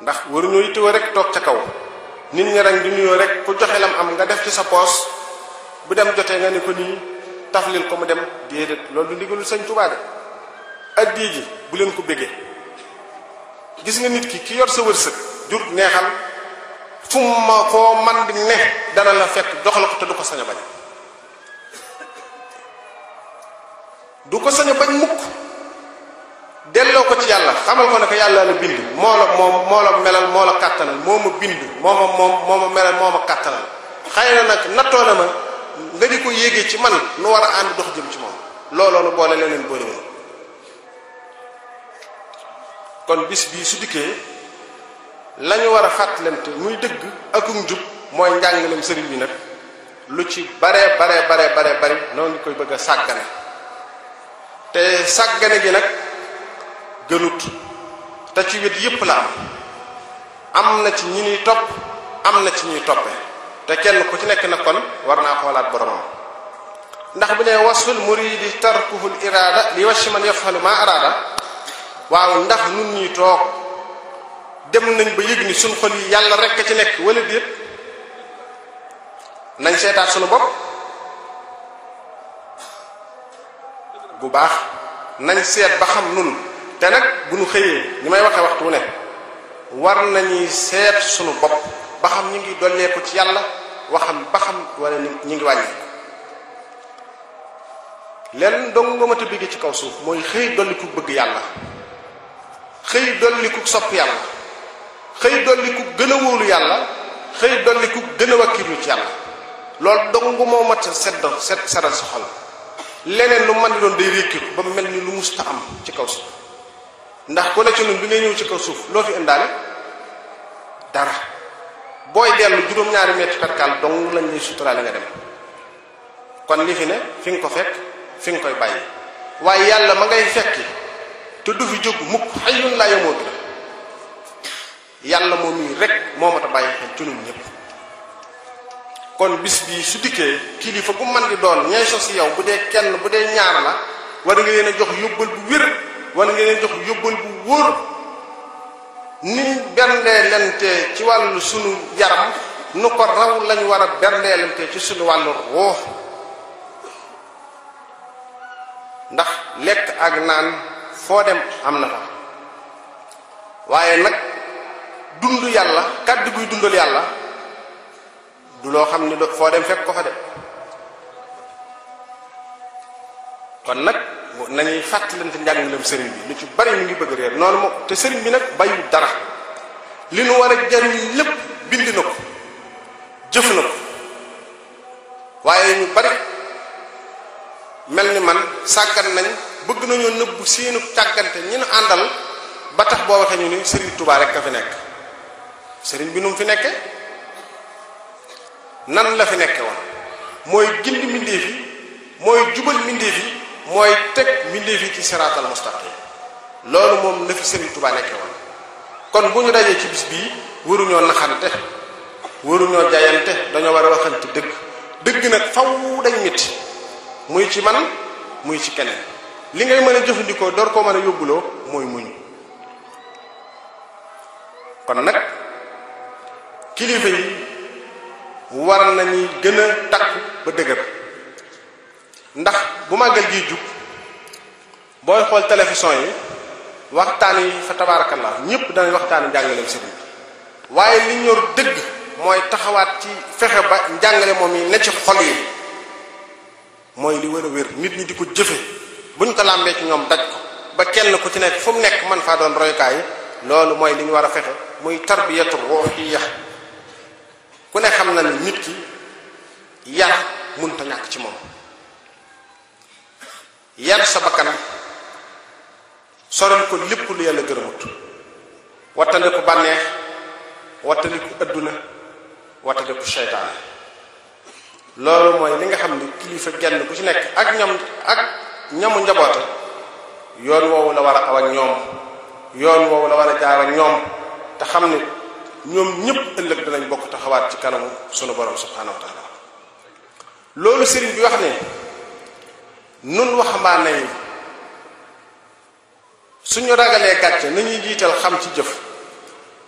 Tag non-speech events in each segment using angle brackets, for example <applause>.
ndax waruñoo yittewoo rek toog ca kaw nit ñi rek di nuyoo rek ku joxe lam am nga def ci sa poos bu dem jotee nga ni ko nii taflil ko mu dem déedéet loolu du ndigalul sëñ Tuubaa de addi ji bu leen ko bëggee gis nga nit ki ki yor sa wërsëg jur neexal fu ma koo man di ne dana la fekk jox la ko te du ko sañ a bañ du ko sañ bañ mukk delloo ko ci yàlla xamal ko ne yàlla la bind moo la moom moo la melal moo la kàttanal moo ma bind moo ma moom moo ma melal moo ma kàttanal xëy na nag nattoo na ma nga di ko yéegee ci man nu war a ànd dox jëm ci moom looloo nu boole leneen boole woon kon bis bii su dikkee lañu war a fàttalante muy dëgg akum njub mooy njàngaleem sëriñ bi nag lu ci baree baree baree baree bari noonu koy bëgg a te sàggane gi nag gënut te ci wet yépp la am am na ci ñi ñuy topp am na ci ñuy toppe te kenn ku ci nekk na kon war naa xoolaat boromam ndax bu ne wasul muridi tarkuhul iraada li wacci man yafalu ma araada waaw ndax nun ñuy toog dem nañ ba yëg ni suñ xol yi yàlla rekk a ci nekk wala déet nañ seetaat suñu bopp bu baax nañ seet ba xam nun te nag bu ñu xëyee ni may waxee waxtu ne war nañuy seet sunu bopp ba xam ñu ngi dolleeku ci yàlla waxam ba xam wala ñu ngi wàññi lenn dong nga mat a gi ci kaw suuf mooy xëy dolliku bëgg yàlla xëy dolliku sopp yàlla xëy dolliku gën a wóolu yàlla xëy dolliku gën a wakkilu ci yàlla loolu dong moo mat a sedd set saral sa leneen lu mën di doon day rékkiku ba mel ni lu musta am ci kaw suuf ndax ko la ci ñun bi ngay ñew ci kaw suuf lo fi indaale dara boy delu juroom ñaari metti perkaal dong lañ lay suturaale nga dem kon li fi ne fi nga ko fek fi koy way yalla ma ngay fekki te du fi jog mukk hayyun la yamut yalla momi rek momata mat xel ci ñun ñep kon bis bi su dikke kilifa gu man di doon ñay sos yow bu kenn bu ñaar la war nga leena jox bu wir wala nga leen yóbbal bu wóor nim berndeelante ci wàll sunu jaram nu ko raw lañu war a berndeelante ci sunu wàll ruux ndax lekk ak naan foo dem am na fa waaye nag dund yàlla kàddu guy dundal yàlla du loo xam ni foo dem fekk ko fa de kon nag nañuy fàttalante njàngaleem sëriñ bi lu ci bari mu ngi bëgg réer noonu mo te sëriñ bi nag bayu dara li nu war a jariñ lépp bind na ko jëf na ko waaye ñu bari mel ni man sàggan nañ bëgg nañoo nëbb seenu càggante ñi nu àndal ba tax boo waxee ñu ni sëriñ tuba rek ka fi nekk sëriñ bi nu mu fi nekke nan la fi nekke woon mooy gindi mbindeef fi mooy jubal mbindeef fi mooy teg mbindeef yi ci siraatal mustaqim loolu moom na fi Serigne Touba nekke kon bu ñu dajee ci bis bii waruñoo naxante waruñoo jaayante dañoo war a waxante dëgg dëgg nag faw day métti muy ci man muy ci keneen li ngay mën a jëfandikoo door koo mën a yóbbuloo mooy muñ kon nag kilifa yi war nañuy gën a takku ba dëgër ndax bu magal gi juk boy xol television yi waxtani fa tabarakallah ñepp dañ waxtani jangale ci bu waye li ñor deug moy taxawat ci fexe ba jangale moom yi ne ci xol yi moy li wér wër nit ñi diko jëfé buñ ko lambé ci ñom daj ko ba kenn ku ci nek fu mu man fa doon kay loolu moy li ñu wara fexé moy tarbiyatu ruhiyya ku ne xam na nit ki mën ta ñak ci mom yar sa bakkan sorel ko lépp lu yàlla gërëmut wattandiku bànneex wattandiku adduna wattandiku seytaane loolu mooy li nga xam ni kilifa genn bu ci nekk ak ñam ak ñamu njaboote yoon woowu la war a aw ñoom yoon woowu la war a jaar ñoom te xam ne ñoom ñëpp ëllëg danañ bokk taxawaat ci kanamu sunu borom subhanahu wa loolu sëriñ bi wax ne nun waxambaane yi suñu ragalee gàcce ñuy jiital xam ci jëf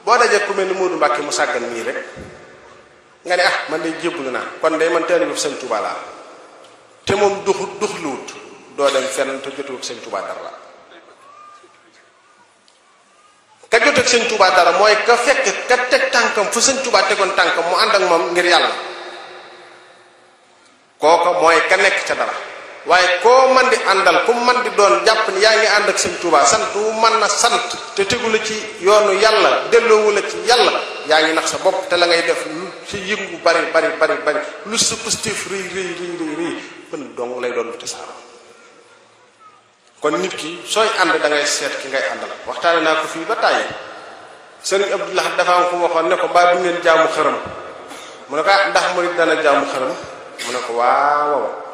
boo dajee ku mel ni Moodu Mbàkke mu sàggan nii rek nga ne ah man de na naa kon day man taalibu Sëñ te moom duxu duxluwut doo dem jotuwut Sëñ Tuubaa dara la ka jot ak Sëñ Tuubaa dara mooy ka fekk ka teg tànkam fu Sëñ Tuubaa tegoon tànkam mu ànd ak moom ngir yàlla kooka mooy ka nekk ca dara waaye koo man di àndal ku man di doon jàpp ni yaa ngi ànd ak sëñ Tuubaa sant wu mën na sant te tegu ci yoonu yàlla delloowu la ci yàlla yaa ngi nax sa bopp te la ngay def lu ci yëngu bari bari bari bari lu sa positif rëy rëy rëy rëy rëy mën dong lay doon lu tasaaroo kon nit ki sooy ànd da ngay seet ki ngay àndal waxtaane naa ko fii ba tàyyi sëriñ Abdullah dafa am ko waxoon ne ko mbaa du ngeen jaamu xërëm mu ne ko ah, ndax murit dana jàmm xërëm mu ne ko waaw waaw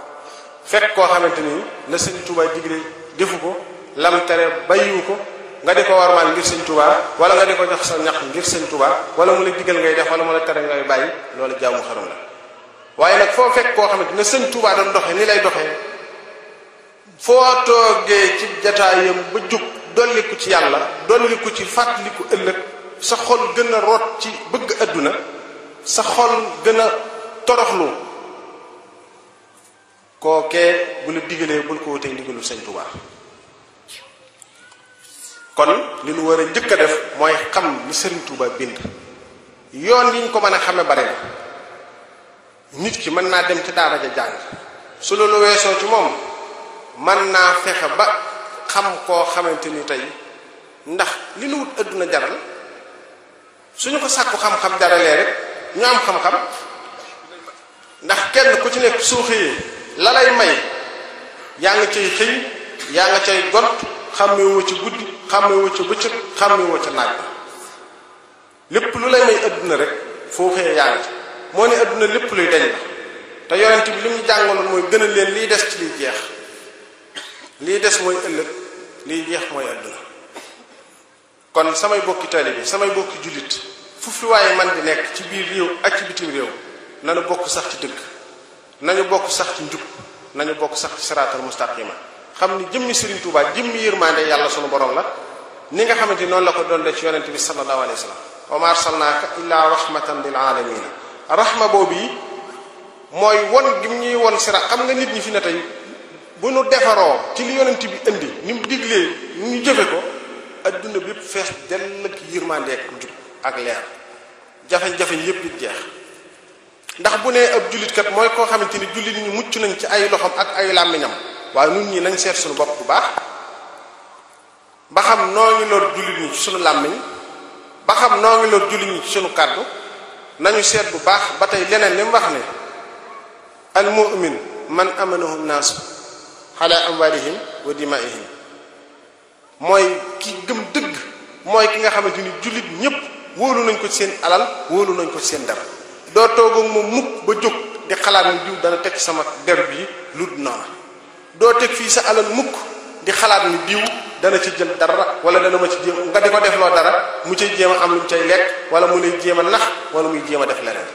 fekk koo xamante ni la sëñ Touba digle jëfu ko lam tere bàyyiwu ko nga de ko war warmaal ngir sëñ Touba wala nga di ko jox sa ñax ngir sëñ Touba wala mu la digal ngay def wala mu la tere ngay bàyyi loolu jaamu xaram la waaye nag foo fekk koo xamante ne sëñ Touba doon doxee ni lay doxee foo toogee ci jataayam ba jug dolliku ci yàlla dolliku ci fàttaliku ëllëg sa xol gën a root ci bëgg adduna sa xol gën a toroxlu kookee bu la digalee bul ko wutee ndigalu sëñ Tuubaa kon li nu war a njëkk a def mooy xam li sëriñ Tuubaa bind yoon yi ñu ko mën a xame bare na nit ki mën naa dem ci daara ja jàng su loolu weesoo ci moom mën naa fexe ba xam koo xamante ni tey ndax li nu wut adduna jaral suñu ko sàkku xam-xam jaralee rek ñu am xam-xam ndax kenn ku ci nekk soo lalay may yaa nga cay xëy yaa nga cay got xàmmewoo ci guddi xàmmewoo ci bëccëg xàmmewoo ca naaj ba lépp lu lay may adduna rek foo xëyee yaa nga moo ne adduna lépp luy dañ la te yonent bi li mu jàngaloon mooy gën leen liy des ci liy jeex liy des mooy ëllëg liy jeex mooy adduna kon samay bokki taalibe samay bokki jullit fuf lu waaye man di nekk ci biir réew ak ci bitim réew nanu bokk sax ci dëgg nañu bokk sax ci njub nañu bokk sax ci siraatal mustaqima xam ni jëmm Serigne Touba jëmmi yërmande yàlla sunu borom la ni nga xamante noonu la ko doon de ci yonente bi sallallahu alayhi wa sallam wa ma arsalnaaka illaa rahmatan lil alamina rahma boobu yi mooy won gi ñuy won sira xam nga nit ñi fi ne tey bu nu defaroo ci li yonent bi indi ni mu diglee ñu jëfe ko adduna bi yëpp fees dell ak yërmande ak njub ak leer jafe-jafe yëpp it jeex ndax bu nee ab jullit kat mooy koo xamante ni jullit ñi mucc nañ ci ay loxom ak ay làmmiñam waaye nun nii nañ seet suñu bopp bu baax ba xam noo ngi lor jullit ñi suñu làmmiñ ba xam noo ngi lor jullit ñi ci suñu kàddu nañu seet bu baax ba tey leneen li mu wax ne al mu'min man amanahum naasu am amwalihim wa dimaihim mooy ki gëm dëgg mooy ki nga xamante ni jullit ñépp wóolu nañ ko ci seen alal wóolu nañ ko si seen dara doo toog ak moom mukk ba jóg di xalaat ni diw dana teg sama der bi lu dul noona doo teg fii sa alal mukk di xalaat ni diw dana ci jël dara wala dana ma ci jéem nga di ko defloo dara mu ci jéem a am lu mu cay lekk wala mu lay jéem a nax wala muy jéem a def leneen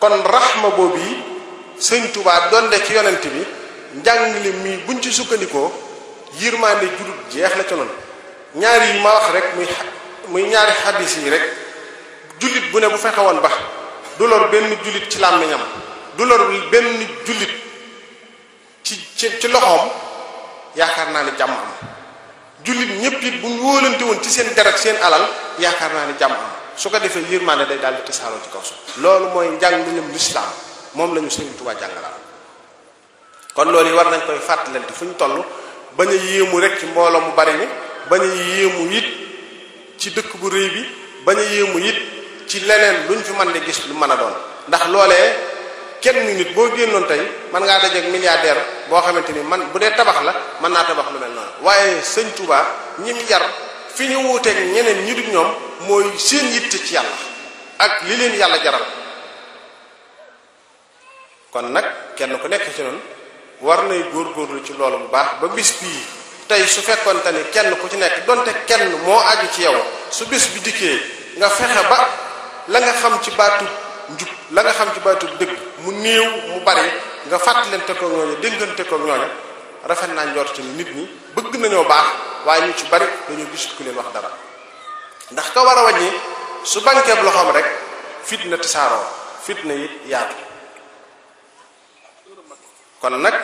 kon raxma boobu yi sëñ Tuubaa donde ci yonent bi njàngale mii buñ ci sukkandikoo yërmaande judut jeex la ca noonu ñaari yi ma wax rek muy muy ñaari xaddis yi rek jullit bu ne bu fexe woon ba du lor benn jullit ci làmmiñam du lor benn jullit ci ci ci loxoom yaakaar naa ne jàmm am jullit ñépp it bu ñu wóolante woon ci seen dara seen alal yaakaar naa ne jàmm su ko defee yërmaande day daal di tasaaroo ci kaw su loolu mooy njàngalam lislaam moom la ñu Sëriñ Tuubaa jàngalaat kon loolu yi war nañ koy fàttalante fu ñu toll bañ a yéemu rek ci mbooloo mu bari mi bañ a yéemu it ci dëkk bu rëy bi bañ a yéemu it ci leneen luñ fi mën di gis lu mën a doon ndax loolee kenn nit boo génnoon tey mën ngaa dajeeg milliardaire boo xamante ni man bu dee tabax la mën naa tabax lu mel noonu waaye sëñ Touba ñi mu yar fi ñu wuuteeg ñeneen ñi du ñoom mooy seen yitte ci yàlla ak li leen yàlla jaral kon nag kenn ku nekk ci noonu war nay góorgóorlu ci loolu bu baax ba bis bii tey su fekkoonte ni kenn ku ci nekk donte kenn moo aju ci yow su bis bi dikkee nga fexe ba. la nga xam ci baatu njub la nga xam ci baatu dëgg mu néew mu bari nga te ko ñooñu déggante ko ñooñu rafet naa njort ni nit ñi bëgg nañoo baax waaye ñu ci bari dañoo gisut ku leen wax dara ndax ka war a wàññi su bankeeb loxoom rek fitna tisaaroo fitna yi yaatu kon nag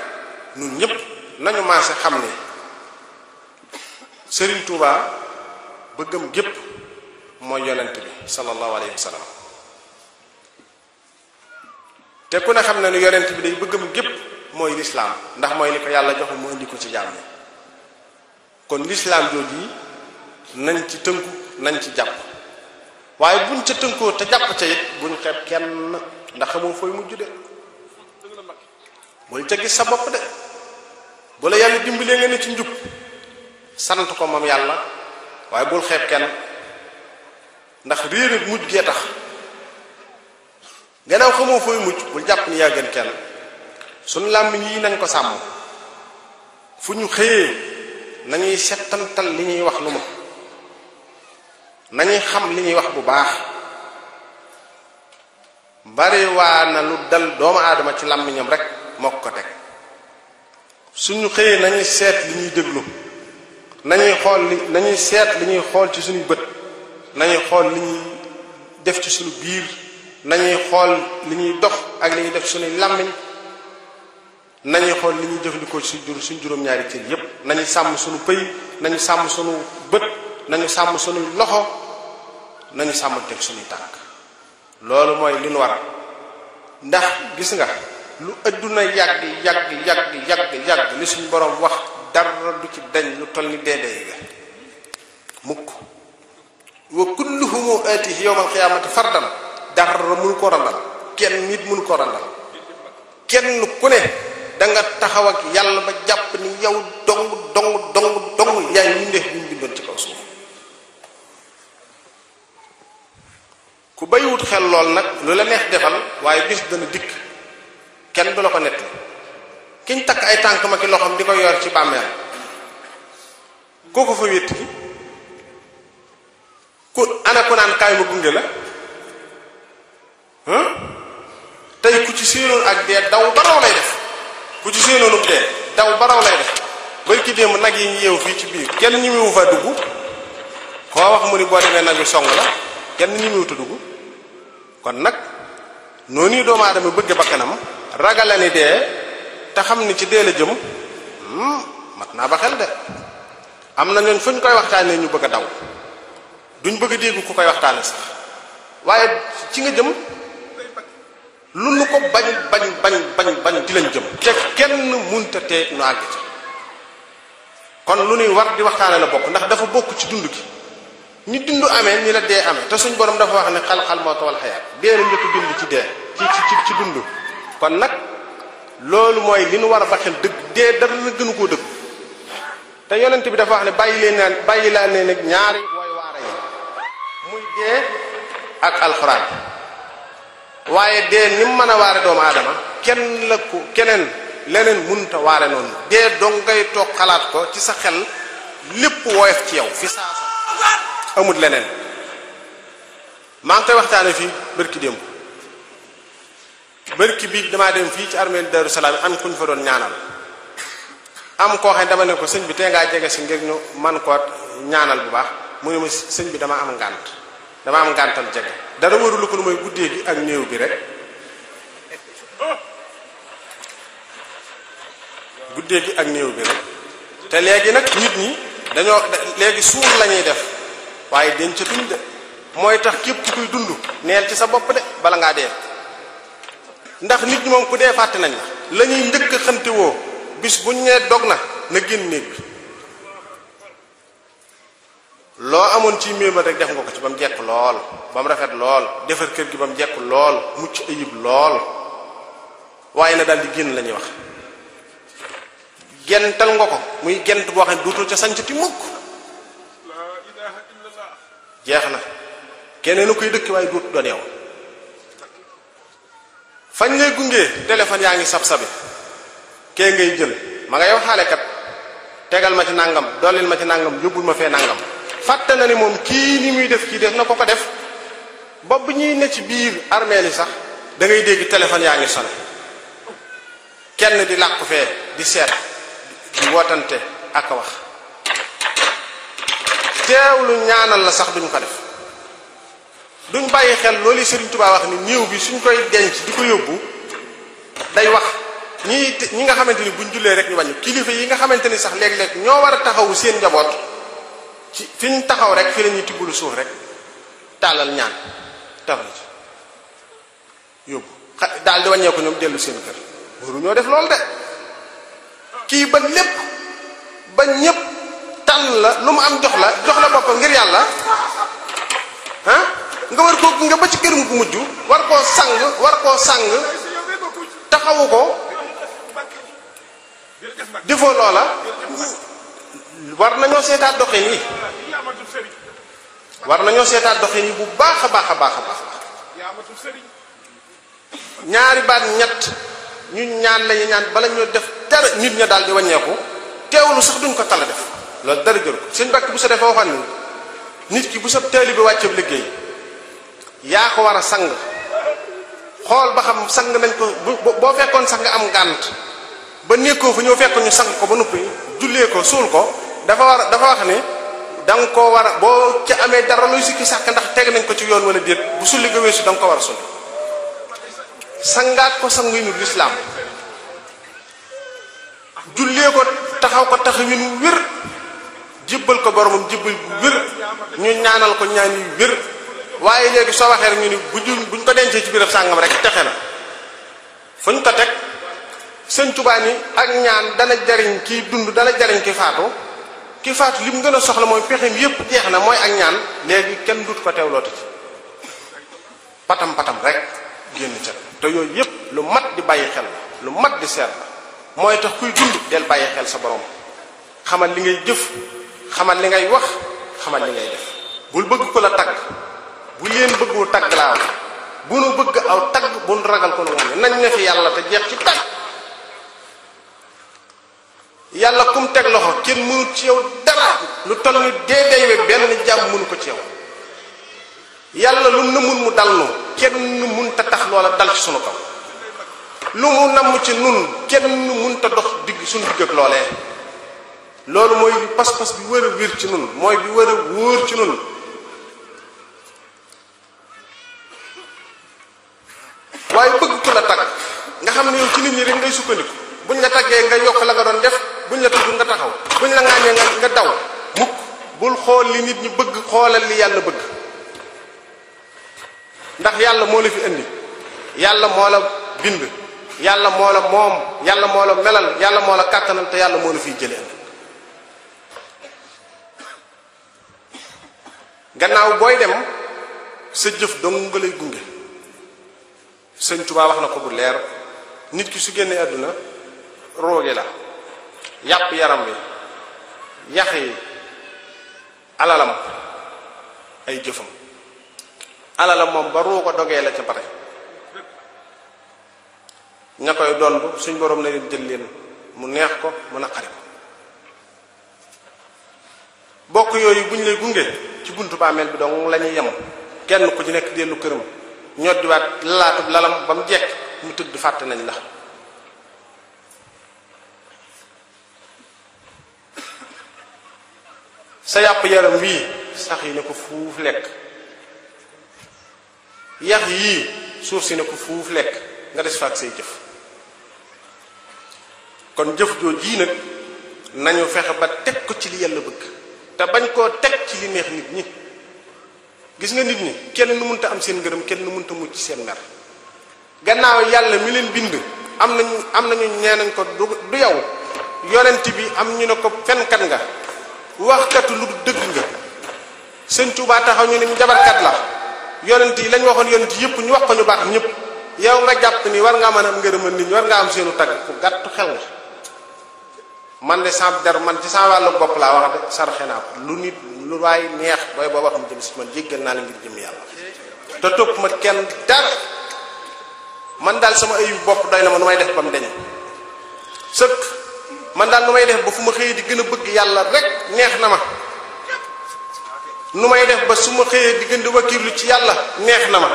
ñun ñëpp nañu maase xam ne Serigne Touba bëggam gépp mooy yonent bi sallallahu alayhi wa sallam te ku ne xam ne ni yonent bi dañ bëggam gépp mooy lislaam ndax mooy li ko yàlla jox mu indi ko ci jàmm kon lislaam jooju yi nañ ci tënku nañ ci jàpp waaye buñ ca tënkoo te jàpp ca it buñ xeeb kenn ndax xamoo fooy mujj de bul ca gis sa bopp de bu la yàlla dimbalee nga ne ci njub sant ko moom yàlla waaye bul xeeb kenn ndax réer ak mujj gee tax gannaaw xamoo fooy mujj bul jàpp ni yaa gën kenn suñ làmmiñ yi nañ ko sàmm fu ñu xëyee nañuy settantal li ñuy wax lu ma nañuy xam li ñuy wax bu baax bari waa na lu dal doomu aadama ci làmmiñam rek mokk ko teg suñu xëyee nañuy seet li ñuy déglu nañuy xool li nañuy seet li ñuy xool ci suñuy bët nañuy xool li ñuy def ci suñu biir nañuy xool li ñuy dox ak li ñuy def suñuy làmmiñ nañuy xool li ñuy jëfandikoo ci suñ juróom-ñaari cër yépp nañu sàmm suñu pëy nañu sàmm suñu bët nañu sàmm suñuy loxo nañu sàmm teg suñuy tànk loolu mooy li war ndax gis nga lu ëdduna yàgg yàgg yàgg yàgg yàgg li suñu borom wax dara du ci dañ lu toll ni dee dee ga mukk wa kulluhum atihi al qiyamati fardan dar mul ko randal ken nit mul ko randal ken ku ne da nga taxaw ak yalla ba japp ni yow dong dong dong dong ya ñu ne ñu bindon ci kaw suuf ku bayut xel lol nak lu la neex defal waye bis dana dik ken du la ko netti kiñ tak ay tank ma ki loxam diko yor ci bammel koku fa wetti ku ana naan kaay ma gunge la tey ku ci séenoon ak dee daw ba lay def ku ci séenoonu dee daw ba raw lay def bërki démb nag yi ñu yeew fii ci biir kenn ñi mu fa dugg koo wax mu ni boo demee nag yu song la kenn ñi mu dugg kon nag noonu yi doomu aadama bëgg bakkanam ragala ni dee te xam ni ci dee la jëm hmm, mat naa ba xel de am na ñooñ fu ñu koy waxtaanee ñu bëgg a daw duñ bëgg a dégg ko koy waxtaane sax waaye ci nga jëm lu nu ko bañ bañ bañ bañ bañ di lañ jëm te kenn munta tee nu àgg ci kon lu nuy war di waxtaane la bokk ndax dafa bokk ci dund gi ni dund amee ni la dee amee te suñ borom dafa wax ne xal-xal moo tawal xayaat dee la njëkk bind ci dee ci ci ci dund kon nag loolu mooy li nu war a ba xel dëgg dee dara la gënu koo dëgg te yonent bi dafa wax ne bàyyi leen naan bàyyi laa ne nag ñaari dee ak alxuraan waaye dee ni mu mën a waare doomu aadama kenn la ko keneen leneen munta waare noonu dee dong ngay toog xalaat ko ci sa xel lépp woyof ci yow fi saa sa amut leneen maa ngi koy waxtaane fii bërki démb bërki bi damaa dem fii ci armée Darou Salaam ku kuñ fa doon ñaanal am koo xam ne dama ne ko sëñ bi tee ngaa jege si ngir ñu man ko ñaanal bu baax mu ne ma sëñ bi dama am ngànt dama am ngàntal jege dara warulu ko lu mooy guddee gi ak néew bi rek guddee gi ak néew bi te léegi nag nit ñi dañoo léegi suur lañuy def waaye dencatuñ de mooy tax képp kuy dund neel ci sa bopp de bala ngaa dee ndax nit ñi moom ku dee fàtte nañ lañuy la ñuy njëkk xante woo bis bu ñu nee dog na na génn néeg bi lo amon ci méemal rek def nga ko ci bam lol, jekk lool ba rafet lool defar kër gi bam mu jekk lool mucc ayib lool waaye na dal di génn la ñuy wax gental nga ko muy gent boo xam ne duutul ca ti mukk jeex na keneen koy dëkk waaye duut do neew fañ ngay gungee téléphone yaa ngi sab-sabi kee ngay jël ma ngay yow xaale kat tegal ma ci nangam dolil ma ci nangam yóbbul ma fee nangam fàtte na ne moom kii ni muy def kii def na ko ko def bopp bu ñuy ne ci biir armeel yi sax dangay ngay dégg téléphone yaa ngi sonné kenn di làqu fee di seet di wootante ak a wax teewlu ñaanal la sax duñ ko def duñ bàyyi xel loolu Serigne Touba wax ni néew bi suñ koy denc di ko yóbbu day wax ñii ñi nga xamante ni buñ jullee rek ñu bañ kilifa yi nga xamante ni sax léeg-léeg ñoo war a taxawu seen njaboot. ci fi taxaw rek fi lañu tibul suuf rek talal ñaan tàllal ci yob dal di wàññeeku ñom delu seen kër waru ñoo def lool de ki ba lepp ba ñepp tànn la lu mu am jox la jox la bop ngir yalla ah nga war ko nga ba ci kër mu mujj war ko sang war ko sang taxawu ko defoo loola war nañu sétat doxin war nañoo seetaat dox yi bu baax a baax a baax a baax ñaari baat ñett ñu ñaan lañu ñaan bala ñu def dara nit ña daal di wàññeeku teewlu sax duñ ko tala def loolu dara jël ko seen bakk bu sa defee waxoon ni nit ki bu sa taalibe wàcceeb liggéey yaa ko war a sang xool ba xam sang nañ ko boo fekkoon sax nga am gànt ba néeg ko fa ñëw fekk ñu sang ko ba nuppi jullee ko suul ko dafa war dafa wax ne dang ko wara bo ci amé dara luy sikki sak ndax tégg nañ ko ci yoon wala deet bu sulli ga wessu dang ko wara sul sangat ko sangu ñu l'islam julle ko taxaw ko taxawin wir jibbal ko boromum jibbal wir ñu ñaanal ko ñaan yu wir waye légui so waxé rek ñu ni buñ ko dencé ci birab sangam rek taxé na fuñ ko tek señ ni ak ñaan dana jariñ ki dund dana jariñ ki faatu ki faatu lim gëna soxla moy pexem yépp jeex na mooy ak ñaan légui kenn dut ko teewlooti ci patam patam rek génn ca te yooyu yépp lu mat di bàyyi xel lu mat di seet la mooy tax kuy dund del bàyyi xel sa borom xamal li ngay jëf xamal li ngay wax xamal li ngay def bul bëgg ko la tag bu yeen bëggoo tag laa bu nu bëgg aw tag bu nu ragal ko nu nañ na fi yàlla te jeex ci tag yàlla kum teg loxo kenn mënu ci yow dara lu toll ni dee day we benn jàmm mënu ko ci yow yàlla lu na mu dal nu kenn nu mun ta tax loola dal ci sunu kaw lu mu namm ci nun kenn mun ta dox digg suñu digg ak loolee loolu mooy pas-pas bi wër a wér ci nun mooy bi wër a wóor ci nun waaye bëgg ku la tagg nga xam ne yow ci nit ñi rek ngay sukkandiku buñ la taggee nga yokk la nga doon def buñ la tudd nga taxaw buñ la ŋaañee nga nga daw mukk bul xool li nit ñi bëgg xoolal li yàlla bëgg ndax yàlla moo la fi indi yàlla moo la bind yàlla moo la moom yàlla moo la melal yàlla moo la kàttanal te yàlla moo la fiy jëlee gannaaw booy dem sa jëf dong nga lay gunge sëñ Tuubaa wax na ko bu leer nit ki su génnee àdduna rooge la yàpp yaram wi yax yi alalam ay jëfam alalam moom ba ruu ko dogee la ca pare ña koy dond suñ boroom na leen jël leen mu neex ko mu naqari ko bokk yooyu bu ñu lay gunge ci buntu bàmmeel bi dong la ñuy yem kenn ku ci nekk dellu këram ñoddiwaat lalaatub lalam ba mu jekk mu tudd fàtte nañ la sa yàpp yaram wii sax yi ne ko fuuf lekk yax yii suuf si ne ko fuuf lekk nga des faak say jëf kon jëf joo jii nag nañu fexe ba teg ko ci li yàlla bëgg te bañ koo teg ci li neex nit ñi gis nga nit ñi kenn nu munta am seen ngërëm kenn nu munta mucc seen mer gannaaw yàlla mi leen bind am nañu am nañu nee nañ ko du yow yonent bi am ñu ne ko fenkat nga waxkatu lu deug nga seigne touba taxaw ñu ni mu kat la yonenti lañ waxon yonenti yep ñu wax ko ñu baax ñep yow nga japp ni war nga man am ngërëmal nit war nga am seenu tag ku gattu xel man de sa der man ci sa walu bop la wax de xena lu nit lu way neex boy bo waxam mu jëm si man jéggal naa la ngir jëm yalla te top ma kenn dar man dal sama ayu bop doyna na ma nu def bam deñ seuk man daal nu may def ba fu ma xëyee di gën a bëgg yàlla rek neex na ma nu may def ba su ma xëyee di gën di wakiirlu ci yàlla neex na ma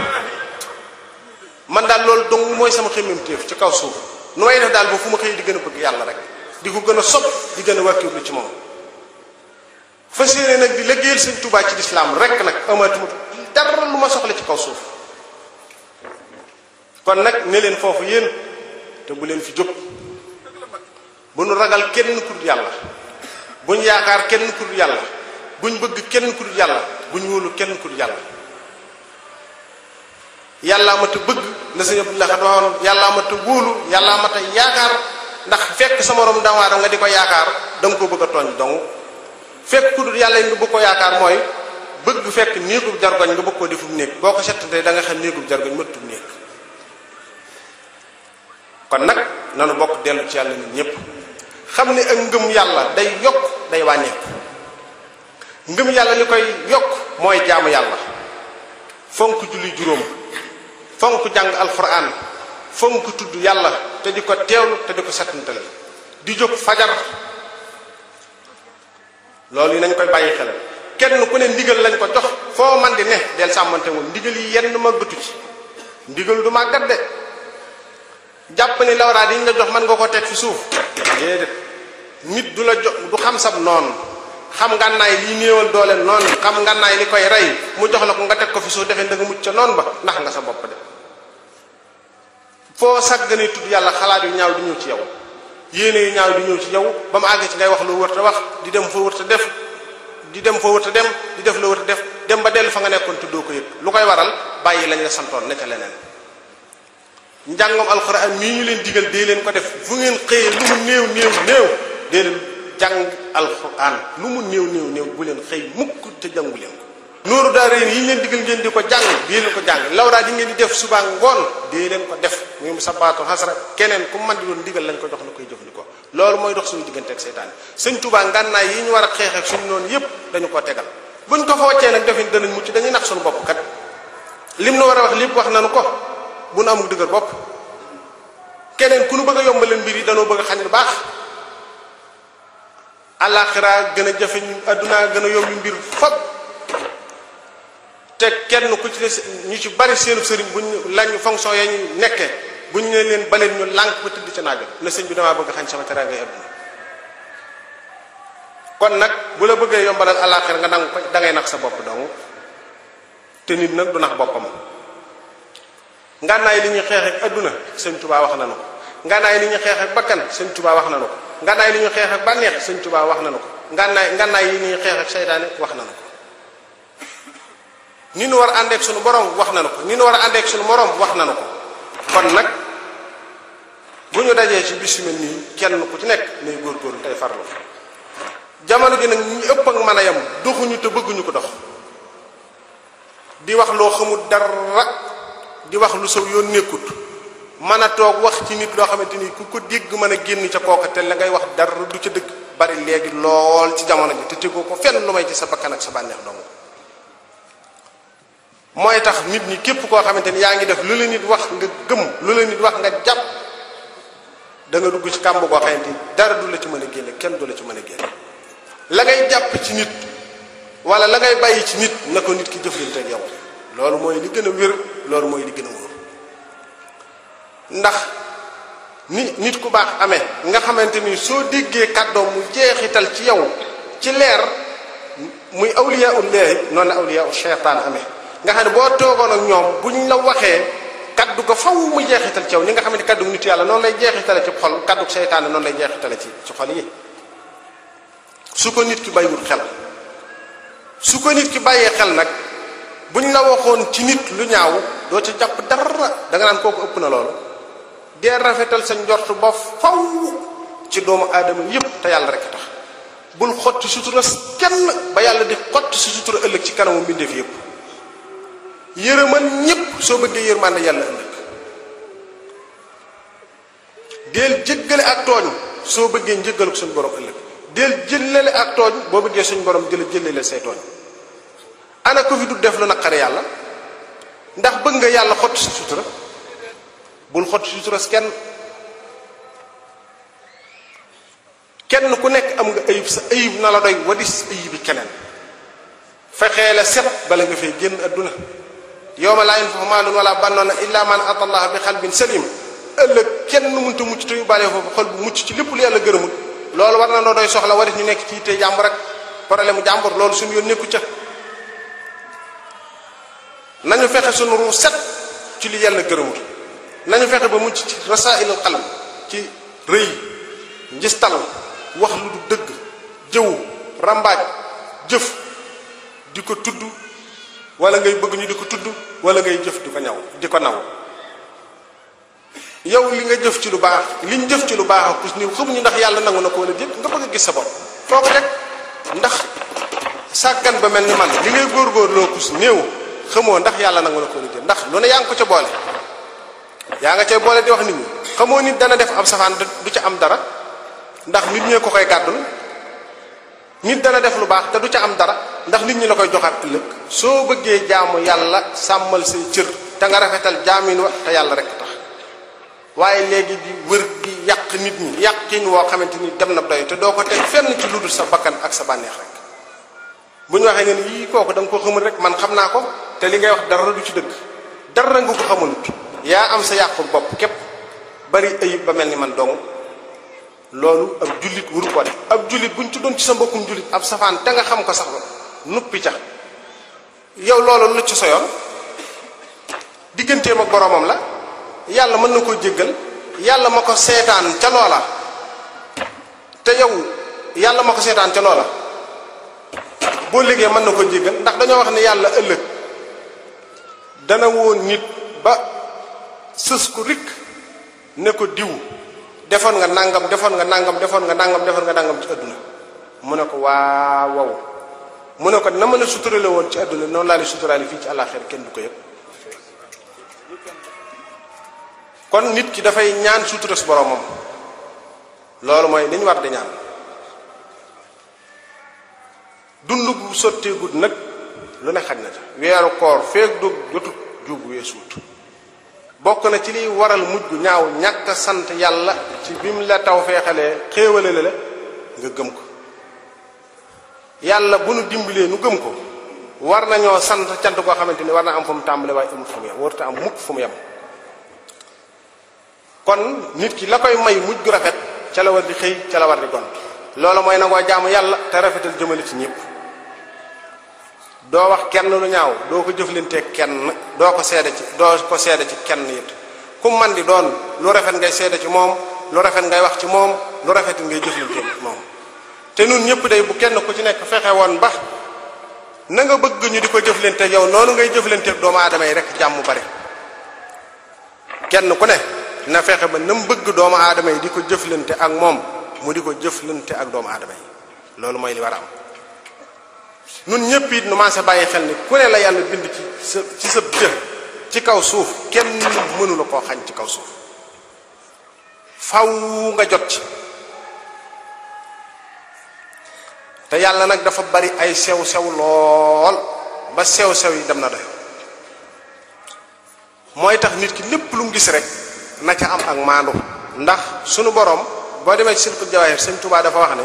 man daal loolu dong mooy sama xemmemtéef ci kaw suuf nu may def daal ba fu ma xëyee di gën a bëgg yàlla rek di ko gën a sopp di gën a wakiirlu ci moom fas yéene nag di liggéeyal sëñ Tuubaa ci lislaam rek nag amatuma dara lu ma soxla ci kaw suuf kon nag ne foofu yéen te bu leen fi jóg buñu ragal kenn ku yalla, buñu yaakar kenn ku yalla buñ bëgg kenn ku yalla buñ wolu kenn ku yalla yalla ma ta bëgg na sëñ abdullah xat waxoon yàllaa ma ta wóolu yàllaa ma ta yaakaar ndax fekk sa morom damaara nga diko yaakar yaakaar da ko bëgg toñ tooñ dong fekk ku dul yalla nga bëgg ko yaakar moy bëgg fekk neegu jargoñ nga bëgg ko defu néeg boko ko settante da nga xam neegu jargoñ tu néeg kon nak nanu bok delu ci yalla ñepp xam ak ngëm yàlla day yokk day wàññeeku ngëm yàlla li koy yokk mooy jaamu yàlla fonk julli juróom fonk jàng alquran fonk tudd yàlla te di ko teewlu te di ko di jóg fajar loolu yi nañ koy bàyyi xel kenn ku ne ndigal lañ ko jox foo man di ne del sàmmante wu ndigal yi yenn màggatu ci ndigal du ma gadde japp ni lawra diñ la jox man nga ko tek fi suuf dedet nit du la jox du xam sab non. xam nay li neewal doole non. xam nay li koy ray mu jox la ko nga tek ko fi suuf defe nga mucc ca ba ndax nga sa bop de sag ni tud yalla xalaat yu ñaaw di ñew ci yow yene ñaaw di ñew ci yow ba mu ci ngay wax lu wurtu wax di dem fo wurtu def di dem fo wurtu dem di def lu wurtu def dem ba del fa nga nekkon tuddo ko lu koy waral bayyi lañ la ne ca leneen njàngom alxuraan mii ñu leen digal dee leen ko def fu ngeen xëyee lu mu néew néew néew dee leen jàng alxuraan lu mu néew néew néew bu leen xëy mukk te jàngu leen ko nooru daa reen yi ñu leen digal ngeen di ko jàng dee leen ko jàng lawraa yi ngeen di def subaa ngoon dee leen ko def muy mu sabaatu xasara keneen ku man di doon digal lañ ko jox na koy jëfandikoo loolu mooy dox suñu diggante ak seytaan sëñ Tuubaa ngànnaay yi ñu war a xeex ak suñu noonu yépp dañu ko tegal buñ ko fa waccee nag defin danañ mucc dañuy nax suñu bopp kat mu nu war a wax lépp wax nanu ko bu nu amul dëgër bopp keneen ku nu bëgg a yombaleen mbir yi danoo bëgg a xañ lu baax àllaaxira gën a jafe àdduna gën a yombi mbir fop te kenn ku ci ne ñu ci bari seenu sëriñ buñ lañu fonction ya ñu nekkee bu ñu ne leen baleen ñu lànk ba tëdd ca naaj na sëñ bi damaa bëgg xañ sama teraanga ngay àdduna kon nag bu la bëggee yombalal àllaaxira nga nangu ko dangay nax sa bopp dong te nit nag du nax boppam ngànnaay li ñuy xeex ak adduna sëñ tubaa wax na nu ko ngànnaay li ñuy xeex ak bakkan sëñ tubaa wax na nu ko ngànnaay ñuy xeex ak bànneex tubaa wax na nu ko ngànnaay ngànnaay yi ñuy xeex ak saytaane wax na nu ko ni nu war a àndeek suñu borom wax na nu ko ni nu war a suñu morom wax na nu ko kon nag bu ñu dajee ci bis yu mel nii kenn ku ci nekk nay góorgóorlu tey farlu jamono ji nag ñu ëpp ak mën a yem doxuñu te bëgguñu ko dox di wax loo xamul dara di wax lu saw yoon nekkut mën a toog wax ci nit loo xamante ni ku ko dégg mën a génn ca kooka te la ngay wax dara du ca dëkk bari léegi lool ci jamono ji te tegoo ko fenn lu may ci sa bakkan ak sa bànneex dong mooy tax nit ñi képp koo xamante ni yaa ngi def lu la nit wax nga gëm lu la nit wax nga jàpp da nga dugg ci kàmb goo xamante ni du la ci mën a kenn du la ci mën a la ngay jàpp ci nit wala la ngay bàyyi ci nit na ko nit ki jëflante ak yow loolu mooy li gën a wér loolu mooy li gën a wóor ndax nit nit ku baax amee nga xamante ni soo déggee kàddoom mu jeexital ci yow ci leer muy awliyaa ullaahi noon la awliyaa sheytaan amee nga xam ne boo toogoon ak ñoom buñ la waxee kaddu ko faw mu jeexital ci yow ni nga xamante kaddu nit yàlla noon lay jeexitale ci xol kaddu seytaane noonu lay jeexitale ci ci xol yi su ko nit ki bàyyiwul xel su ko nit ki bàyyee xel nag buñ la waxoon ci nit lu ñaaw doo ca jàpp dara da nga naan kooku ëpp na loolu dee rafetal sa njort ba faw ci doomu aadama yépp te yàlla rek tax bul xotti sutura kenn ba yàlla di xotti su sutura ëllëg ci kanamu mbindeef yépp yërëmal ñépp soo bëggee yërmande yàlla ëllëg deel jéggale ak tooñ soo bëggee njéggal ko suñu borom ëllëg deel jëllale ak tooñ boo bëggee suñu borom di la jëllale say tooñ ana ko fi du def lu nakare yàlla ndax beug nga yàlla xott ci sutura bul xott sutura kenn kenn ku nekk am nga ayib sa ayib na la doy wadis ayibi kenen fexee la set bala nga fay génn adduna yowma laa yanfaxu maalun wala bannoona illa man ata allah bi qalbin salim ëllëg kenn munta muccu te balé fofu xol bu muccu ci lépp lu yàlla gërëmut loolu war na no doy soxla waris ñu nekk ci te jàmbur rek problème mu jàmbur suñu yoon nekku ci nañu fexe sunu ruu set ci li yàlla gërëmul nañu fexe ba mucc ci rasailal xalam ci rëy njistal wax lu du dëgg jëwu ràmbaaj jëf di ko tudd wala ngay bëgg ñu di ko tudd wala ngay jëf di ko ñaw di ko naw yow li nga jëf ci lu baax liñ jëf ci lu baax ak kus niw ñu ndax yàlla nangu na ko wala déet nga bëgg a gis sa bopp foo ko rek ndax sàggan ba mel ni man li ngay góorgóorloo kus néew xamoo ndax yàlla nangu na ko nit ndax lu ne yaa ngi ko ca boole yaa nga cay boole di wax nit ñi xamoo nit dana def ab safaan du ca am dara ndax nit ñee ko koy gàddul nit dana def lu baax te du ca am dara ndax nit ñi la koy joxaat ëllëg soo bëggee jaamu yàlla sàmmal say cër te nga rafetal jaamin wa te yàlla rek tax waaye léegi di wër di yàq nit ñi yàqin woo xamante ni dem na doy te doo ko teg fenn ci ludul sa bakkan ak sa bànneex rek bu ñu waxee yii kooku ko xamul rek man xam naa ko te li ngay wax dara du ci dëkk dara nga ko xamulut yaa am sa yàqu bopp képp bari ayib ba mel ni man dong loolu ab jullit wuru ko def ab jullit buñ tuddoon ci sa mbokkum jullit ab safaan te nga xam ko sax la nuppi ca yow loolu lu ci soyoon digganteem ak boromam la yàlla mën na koo jéggal yàlla ma ko seetaan ca loola te yow yàlla ma ko seetaan ca loola boo liggéey mën na koo jéggal ndax dañoo wax ne yàlla ëllëg dana woon nit ba sës ku rikk ne ko diw defoon nga nangam defoon nga nangam defoon nga nangam defoon nga nàngam ci àdduna mu ne ko waaw wow mu ne ko na mën a suturale woon ci àdduna noonu laa lay suturaale fii ci àllaaxeer kenn du ko yëpp kon nit ki dafay ñaan sutura su boromam loolu mooy li ñu war ñaan dund bu sotteegut nag lu ne xaj na ca weeru koor feek dug jotut juubu weesuut bokk na ci liy waral mujj gu ñaaw ñàkk sant yàlla ci mu la taw feexalee xéewale la nga gëm ko yàlla bu nu dimbalee nu gëm ko war nañoo sant cant koo xamante ni war na am fu mu tàmbale waaye amul fu mu yem mukk fu mu yem kon nit ki la koy may mujj gu rafet ca la war di xëy ca la war di gont loolu mooy nangoo jaamu yàlla te rafetal jëmale ci ñëpp doo wax kenn lu ñaaw doo ko jëflante kenn doo ko seede ci doo ko seede ci kenn it ku man di doon lu rafet ngay seede ci moom lu rafet ngay wax ci moom lu rafet ngay jëflante moom te nun ñëpp day bu kenn ku ci nekk fexe woon ba na nga bëgg di ko jëflante yow noonu ngay jëflante doomu aadama yi rek jàmm bare kenn ku ne na fexe ba nam bëgg doomu aadama yi di ko jëflante ak moom mu di ko jëflante ak doomu aadama yi loolu mooy li war nun ñëpp it nu maase bàyyi xel ni ku ne la yàlla bind ci sa ci sa jë ci kaw suuf kenn mënu koo xañ ci kaw suuf faw nga jot ci te yàlla nag dafa bari ay sew sew lool ba sew sew yi dem na doy mooy tax nit ki lépp lu mu gis rek na ca am ak maandu ndax sunu borom boo demee ci silkul jawaahir sëñ Tuubaa dafa wax ne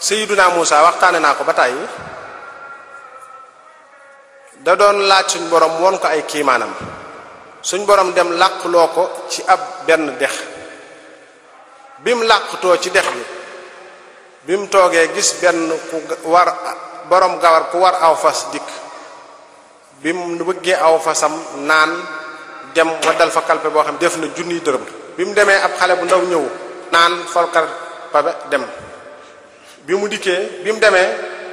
Sayyiduna Muusaa waxtaane naa ko ba tàyyi da doon laaj suñ boroom won ko ay kiimaanam suñ borom dem làqloo ko ci ab benn dex bim làqtoo ci dex bi bi mu toogee gis benn ku war borom gawar ku war aw fas dikk bi bim bëggee aw fasam naan dem waddal fa kalpe boo xam def na junni dërëm bi mu demee ab xale bu ndaw ñëw naan folkar pa dem bi mu dikkee bi mu demee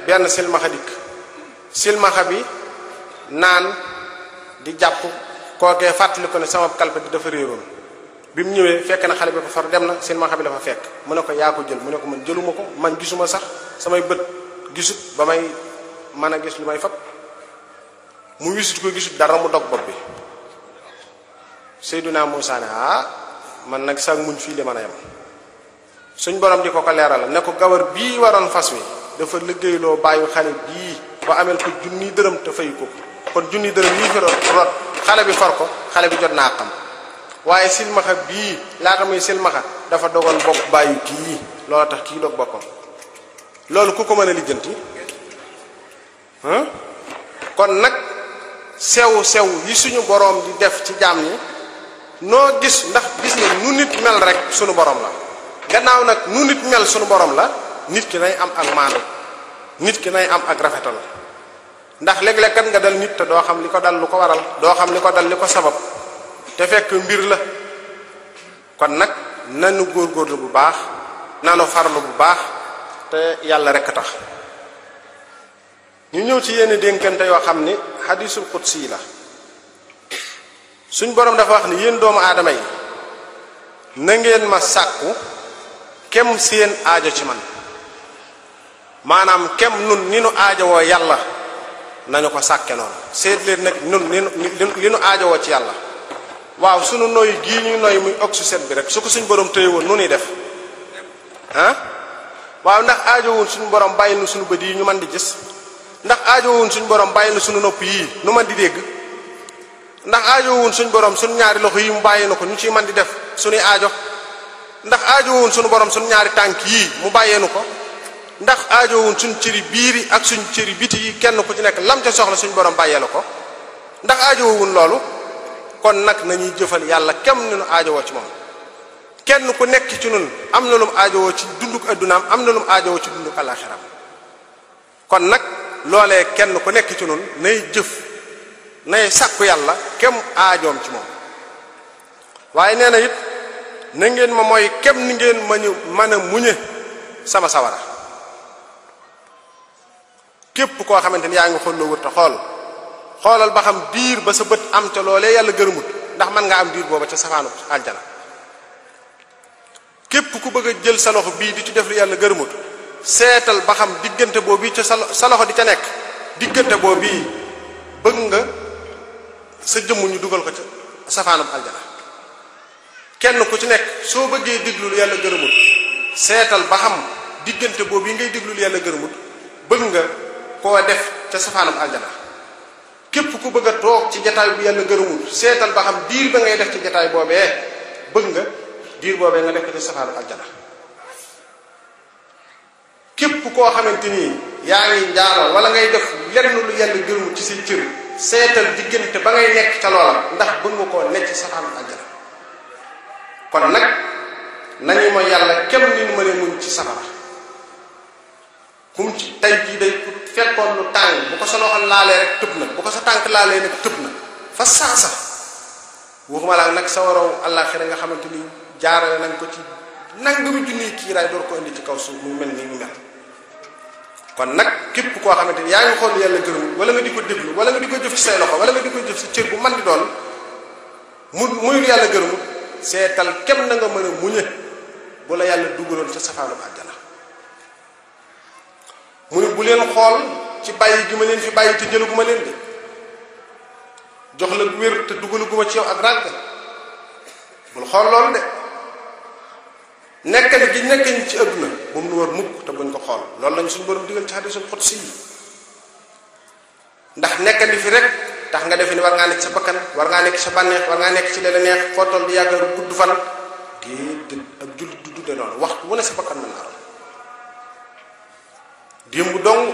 benn silmaxa dikk silmaxa bi nan di jàpp kookee fàttali ko ne sama kalpe bi dafa réeroon bi mu ñëwee fekk na xale bi ko far dem na seen maxa bi dafa fekk mu ne ko yaa ko jël mu ne ko man jëluma ko man gisuma sax samay bët gisut ba may mën a gis lu may fab mu wisut ko gisut dara mu dog bopp bi seyduna Moussa ne ah man nag sax muñ fii li mën a yem suñ borom di ko ko leeral ne ko gawar bii waroon fas wi dafa liggéeyloo bàyyi xale bii ba amel ko junni dërëm te fayu ko kon junni dërëm yii fi rot xale bi for ko xale bi jot naa xam waaye silmaxa bii laata muy silmaxa dafa dogoon bopp bàyyi kii loolu tax kii dog boppam loolu ku ko mën a lijjanti kon nag sew sew yi suñu boroom di def ci jaam ñi noo gis ndax gis ne nu nit mel rek sunu borom la gannaaw nag nu nit mel suñu boroom la nit ki nay am ak maandu nit ki nay am ak rafetal ndax leg leg kan nga dal nit te do xam liko dal luko waral doa xam liko dal luka sabab te fek mbir la kon nak nanu lu bu baax nanu farlu bu baax te yalla rek tax ñu ñew ci yene denkante yo xamni hadithul qudsi la suñ borom dafa wax ni yeen doomu adamay na ngeen ma sakku kem seen aajo ci man manam kem nun ni nu wo yalla nañu ko sàkke noonu seet leen nag nun li nu aajowoo ci yàlla waaw sunu noy gii ñu noy muy oxygène bi rek su ko suñ borom téye woon nu nuy def ah waaw ndax woon suñu borom bàyyi na suñu bët yi ñu man di gis ndax aajowuñ suñu borom bàyyi na suñu nopp yii nu mën di dégg ndax aajowuñ suñu borom suñu ñaari loxo yi mu bàyyi na ko ñu ciy man di def suñuy aajo ndax woon sunu borom suñu ñaari tànk yii mu bàyyee nu ko ndax aajowuñ suñ cëri biiri ak suñ cëri biti yi kenn ku ci nekk lam ca soxla suñu borom bàyyee la ko ndax aajowuñ loolu kon nag nañuy jëfal yàlla kem ni aajowoo ci moom kenn ku nekk ci nun am na lum aajowoo ci dunduk addunaam am na lum aajowoo ci dunduk alaxiram kon nag loolee kenn ku nekk ci nun nay jëf nay yàlla kem aajoom ci moom waaye nee na it na ngeen ma mooy kem ni ngeen ma ñu mën a muñe sama sawara képp koo xamante ni yaa ngi xool loo wër te xool xoolal ba xam diir ba sa bët am ca loolee yàlla gërëmut ndax mën nga am diir booba ca safaanu aljana képp ku bëgg a jël sa loxo bii di ci def yàlla gërëmut seetal ba xam diggante boobu ca sa sa loxo di ca nekk diggante boobu bëgg nga sa jëmm dugal ko ca safaanub aljana kenn ku ci nekk soo bëggee diglu lu yàlla gërëmut seetal ba xam diggante boobu yi ngay diglu lu yàlla gërëmut bëgg nga ko def ca safanam aljana képp ku bëgg a toog ci jataay bu yàlla gërëmul seetal ba xam diir ba ngay def ci jataay boobee bëgg nga diir boobee nga def ko ci safaanam aljana képp koo xamante ni yaa ngi njaalo wala ngay def lenn lu yàlla gërëmul ci seen cër seetal diggante ba ngay nekk ca loola ndax bëgg nga koo nekk ci safaanam aljana kon nag nañu ma yàlla kenn ni mu mënee muñ ci safara kum ci tay ji day ku fekkoon lu tang bu ko solo xal laale rek tup na bu ko sa tank laale nag tup na fa sansa waxuma laa nak sa waraw nga xamanteni ni jaarale nañ ko ci nangami ki ray dor ko indi ci kaw su mu melni mu mel kon nak kep ko xamanteni ni nga xol yalla yàlla wala nga di deglu wala nga di ko jëf ci say loxo wala nga di ko jëf ci cër bu man di doon mu muy yalla setal kem na nga meuna muñe bu la yàlla dugaloon ca muy bu len xol ci bàyyi gi ma len fi bàyyi te jëlu guma len de jox la wér te dugul guma ci yow ak ràgg bu xol lol de nekkal gi nekkañ ci aduna na bu mu war mukk te buñ ko xol lol lañ suñu borom digal ci hadith xutsi qudsi ndax nekkandi fi rek tax nga defini war nga nek sa bakkan war nga nek sa banne war nga nek ci leen neex fotol bi yagal guddu fan déedéet dudde non waxtu wala bakkan démb dong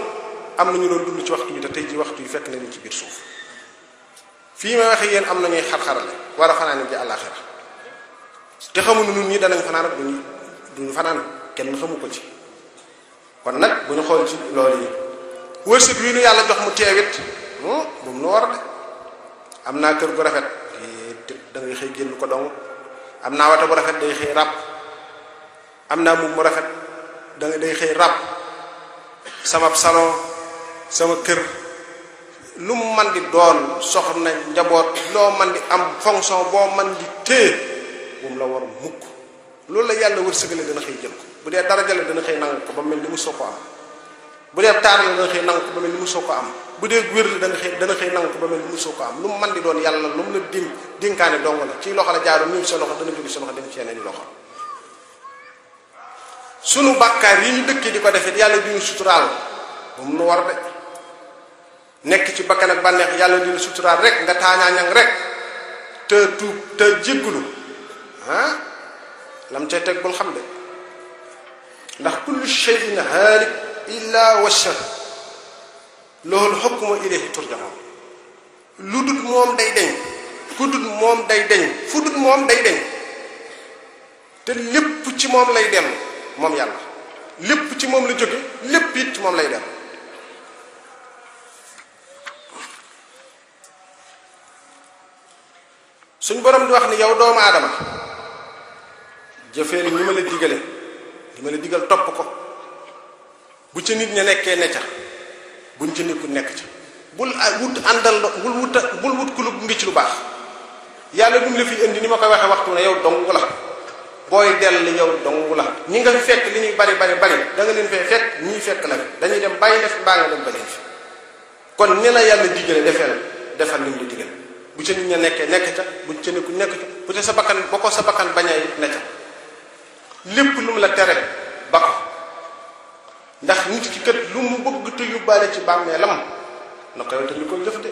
am na ñu doon dund ci waxtu bi te tey ji waxtu yi fekk nañu ci biir suuf fii may waxe yéen am na ñuy xar-xarale wala fanaan ji àllaaxira te xamuñu nun ñi danañ fanaan ak duñu duñu fanaan kenn xamu ko ci kon nag bu ñu xool ci loolu yi wërsëg wi nu yàlla jox mu teewit bu mu nu war de am naa kër gu rafet da xëy génn ko dong am naa wata bu rafet day xëy ràpp am naa mbubb mu rafet danga day xëy ràpp sama salon sama kër lu mu man di doon soxna njaboot loo man di am fonction boo man di téye moom la war mukk loolu la yàlla wërsëgale dana xëy jël ko bu dee daraja la dee taar la dana xëy nangu ko ba mel ni mu soo ko am bu dee wér la dana xëy dana xëy nangu ko ba mel ni mu soo ko am lu mu man di doon yàlla lu mu la dim dénkaane dong la ci loxo la jaaru mi sa loxo dana jóge sa loxo dem ci yeneen loxo sunu bàkkaar yi ñu dëkkee di ko defit yàlla duñu suturaal ba mu nu war de nekk ci bakkan ak bànneex yàlla duñu suturaal rek nga taañaañang rek te tuub te jéggulu ah lam cay teg bul xam de ndax kullu shay'in haalik illa wajha loolu hukmu ilayhi turjaun lu dut moom day deñ ku dut moom day deñ fu dut moom day deñ te lépp ci moom lay dem moom yàlla lépp ci moom la jóge lépp it ci moom lay dem suñ borom di wax ni yow doomu aadama jëfeel ni ma la digale li ma la digal topp ko bu ci nit ña nekkee ne ca buñ ci nekkul nekk ca bul wut àndal bul wut bul wut kulub mbi ci lu baax yàlla dum la fi indi ni ma koy waxee waxtu ne yow dong la del li yow dongu la ñi nga fi fekk li ñuy bari bari bari da nga leen fee fekk ñi fekk la dañuy dem bayyi def mbaa nga dem bari kon ni la yalla digale defeel defal li la digale bu ci nit ña nekkee nekk ca bu ca nekku nekk ca bu ci sa bakkan ba ko sa bakkan bañay nekk lepp lu mu la téré bak ndax nit ki kat lu mu bëgg te yóbbaale ci lam na koy te li ko jëf de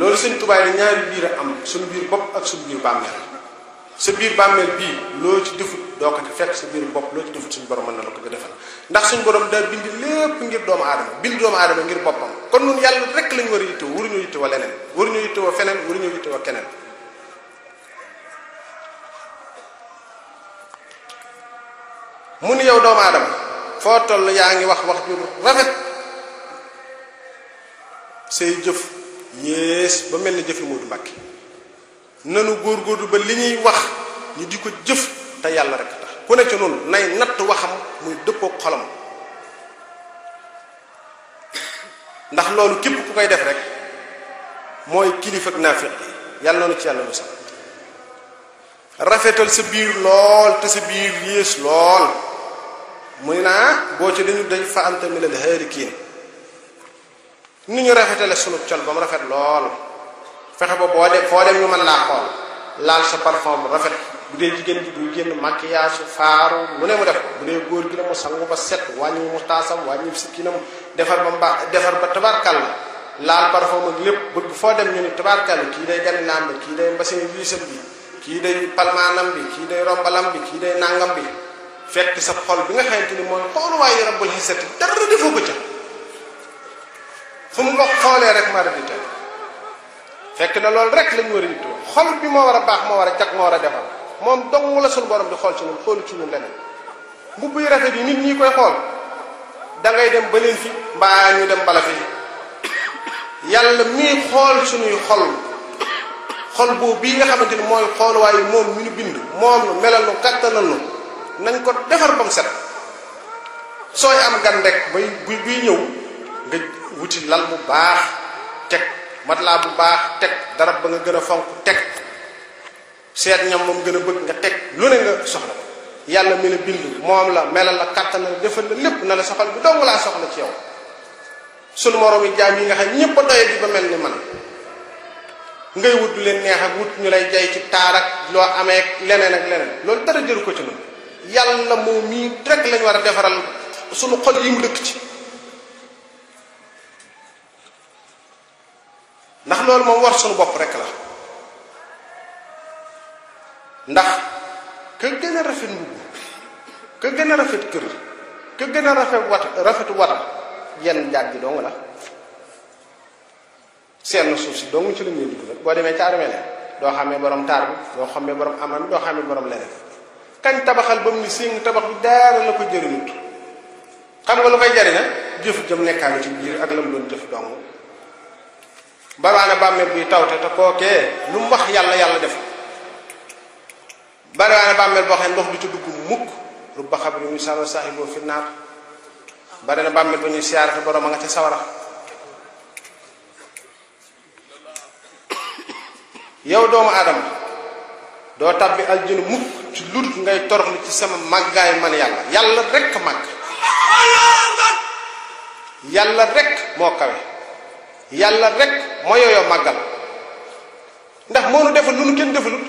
loolu sëñ tubaay di ñaari biir am suñu biir bop ak suñu biir bàmmeel sa biir bàmmeel bii loo ci defut doo ko ci fekk sa biir bopp loo ci defut suñu borom man na la ko ci defal ndax suñu borom daa bind lépp ngir doomu aadama bind doomu aadama ngir boppam kon nun yàlla rek lañu war a yittewoo waruñu yittewoo leneen waruñu yittewoo feneen waruñu yittewoo keneen mu ni yow doomu aadama foo toll yaa ngi wax wax ju rafet say jëf yées ba mel ni jëfi Moodu Mbàkke nanu góorgóorlu ba li ñuy wax ñu di jëf ta yalla rek tax ku ne ci noonu nay nat waxam muy dëppoo xolam ndax loolu képp ku koy def rek mooy kilifa ak nafiq yi yàlla noonu ci yàlla lu sax rafetal sa biir lool te sa biir lool muy naa boo ci dañu dañ fa ni ñu rafetale sunu col ba rafet lool fexe ba boo dem foo ñu man laa xool laal sa parfum rafet bu dee jigéen ji buy génn maquillage faaru bu ne mu def bu dee góor gi la mu sangu ba set wàññi mu taasam wàññi sikkinam defar ba mba defar ba tabarkal laal parfum ak lépp bëgg foo dem ñu ni tabarkal kii day gani laam bi kii day mbasin wiisam bi kii day palmaanam bi kii day rombalam bi kii day nangam bi fekk sa xol bi nga xamante ni mooy xooluwaayu rabbul xisati dara defoo ko ca fu xoolee rek maa fekk na loolu rek lañ war a yittoo xol bi moo war a baax moo war a jag moo war a defal moom dong la suñu borom di xool ci ñun xoolu ci ñun leneen mbubb yu rafet nit ñi koy xool dem ba leen fi mbaa ñu dem bala fi yàlla mii suñuy xol xol boobu bii nga xamante ni mooy xooluwaayu moom mi ñu bind moom nu melal nu kàttanal nu nañ ko defar ba mu set sooy am gan rek bay buy buy ñëw nga wuti lal bu baax teg matelas bu baax teg darab ba nga gën a fonk teg seet ñam moom gën a bëgg nga teg lu ne nga soxla yàlla mi la bind moom la melal la kàttan la defal la lépp na la soxal bi dong laa soxla ci yow sunu moroom yi jaam yi nga xam ñépp a doye bi ba mel ni man ngay wut leen neex ak wut ñu lay jay ci taar ak loo amee leneen ak leneen loolu dara jëru ko ci noonu yàlla moom mii rek lañ war a defaral sunu xol yi mu dëkk ci ndax loolu moom war suñu bopp rek la ndax ka gën a rafet mbubb ka gën a rafet kër ka gën a rafet wat rafetu wata yenn njaag ji dong la seen suuf si dong ci la ñuy dugg nag boo demee ca armée doo xamee borom taar bi doo xamee borom aman doo xamee borom leneen kañ tabaxal ba mu ni séng tabax bi daara la ko jëriñut xam nga lu koy jariña jëf jëm nekkaale ci biir ak la mu doon jëf dong baraana bàmmeel buy tawte te kookee lu mbax wax yàlla yàlla def baraana bàmmeel boo xam ndox du ci dugg mukk rubba xabri muy saro saaxiboo fi naar bare na bàmmeel ba ñuy siyaare te borom a nga ca sawara yow doomu adam doo tabbi aljana mukk ci lut ngay toroxlu ci sama màggaay man yàlla yàlla rek màgg yàlla rek moo yàlla rek moo yooyoo màggal ndax moo nu defal lu nu kenn defalut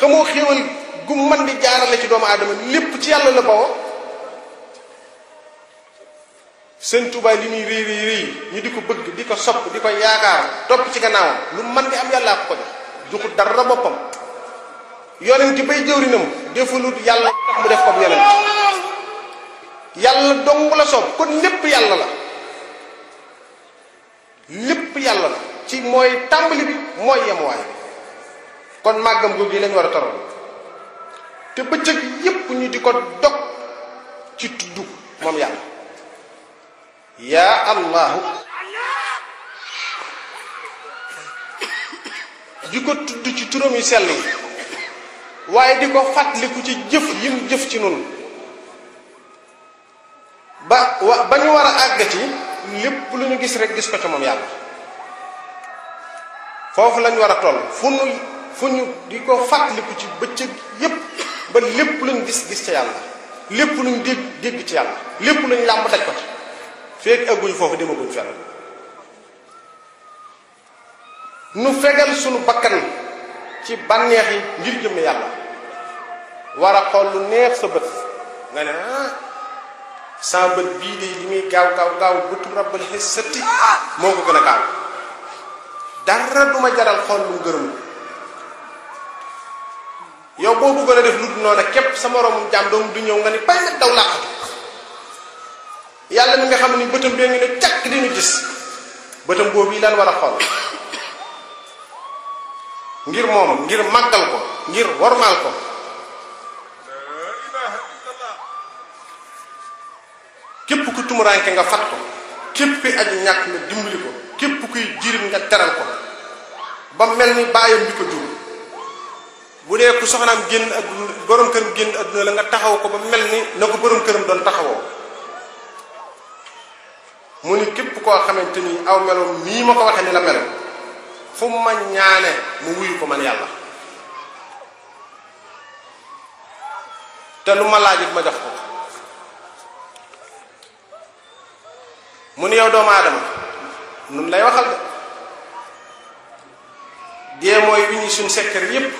xamoo xéewal gu man di jaarale ci doomu aadama lépp ci yàlla la bawoo seen Tuubaa li muy réy réy réy ñu di ko bëgg di ko sopp di ko yaakaar topp ci gannaawam lu man di am yàlla ko ko jox joxu dara boppam yonent ci bay jëwrinam defalut yàlla mu def ko yonent yàlla dong la sopp kon lépp yàlla la lépp yàlla ci mooy tàmbali bi mooy yemuwaay bi kon màggam googu yi lañ war a toral te bëccëg yépp ñu di ko dog ci tudd moom yàlla yaa allahu di ko tudd ci turam yu sell yi waaye di ko fàttaliku ci jëf yim jëf ci noonu ba wa ba ñu war a àgg lépp lu ñu gis rek gis ko ca moom yàlla foofu lañu war a toll fu ñu fu ñu di ko fàttaliku ci bëccëg yépp ba lépp luñ gis gis ca yàlla lépp lu dégg dégg ci yàlla lépp luñ làmb daj ko ci feeg egguñ foofu demaguñ fenn nu fegal sunu bakkan ci bànneex yi ngir jëmm yàlla war a xool lu neex sa bët nga ne ah sa bët bii de li muy gaaw gaaw gaaw bëtu rabbal xisati moo ko gën a gaaw dara du ma jaral xool lu gërëm yow boo bëggoon a def lu dul noonu képp sa moroomum jaam doomu du ñëw nga ni bay nag daw làqatu yàlla mi nga xam ni bëtam bee ngi ne càkk di gis bëtam boobu yi lan war a xool ngir moom ngir màggal ko ngir wormaal ko képp ku tumuranke nga fat ko képp kuy aju ñàkk nga dimbali ko képp kuy jirim nga teral ko ba mel ni bàyyam bi ko jur bu dee ku soxnaam génn ak adduna la nga taxaw ko ba mel ni na ko borom këram doon taxawoo mu ni képp koo xamante ni aw meloom nii ma ko waxee ni la mel fu ma ñaane mu wuyu ko man yàlla te lu ma ma jox ko mu ne yow doomu aadama nun lay waxal de dee mooy wi ñuy suñ secteur yépp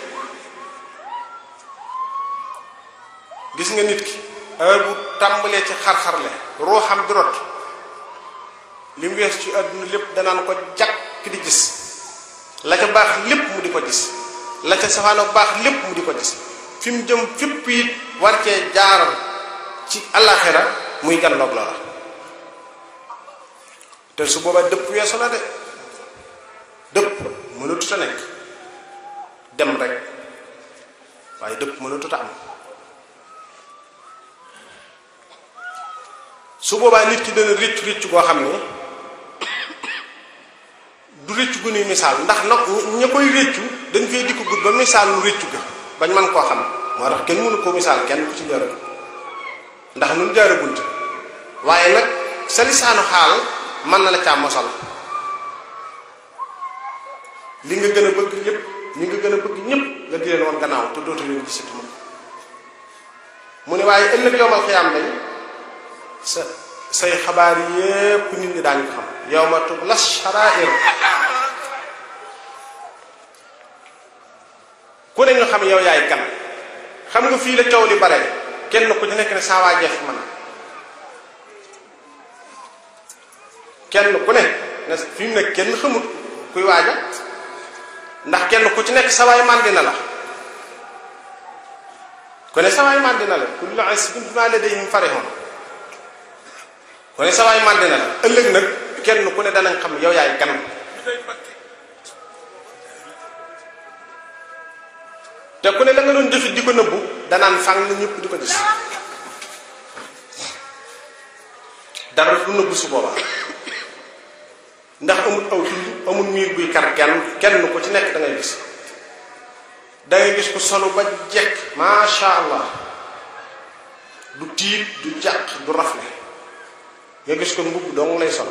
gis nga nit ki heure bu tàmbalee ci xar-xarle xam di rot li mu wees ci àdduna lépp danaan ko jàkk di gis la ca baax lépp mu di ko gis la ca safaano baax lépp mu di ko gis fi mu jëm fépp it war cee jaaral ci àllaaxira muy gan loog loola te su boobaa dëpp weesu na de dëpp mënatut a nekk dem rek waaye dëpp mënatut a am su boobaa nit ki dana ricc ricc goo xam ne <coughs> du ricc gu nuy misaal ndax nag ña koy riccu dañ fee dikk gudd ba misaal lu riccu ga bañ man koo xam moo tax kenn mënu koo misaal kenn ci jaaragul ndax nun jaaragunt waaye nag sa lisaanu xaal mën na la caa mosal li nga gën a bëgg ñëpp ñi nga gën a bëgg ñëpp nga di leen woon gannaaw te dootu leen gisati moom mu ne waaye ëllëg yowmal xiyaam lañ sa say xabaar yépp nit ñi daañu ko xam yawma tubla sarair ku ne ñu xam yow yaay kan xam nga fii la coow li bare kenn ku ci nekk ne saa waa jeex man kenn ku ne ne fi mu ne kenn xamut kuy waaja ndax kenn ku ci nekk sawaay màndi la ku ne sawaay màndi la ku ne sawaay màndi na la ëllëg nag kenn ku ne danañ xam yow yaay kanam te ku ne la nga doon jëfit di ko nëbbu danaan fang na ñëpp di ko gis dara du nëbbu su boobaa ndax amul aw tund amul miir buy kar genn kenn ko ci nekk da ngay gis da ngay gis ko solo ba jekk macha allah du tiit du jàq du rafle nga gis ko mbubb dong lay sol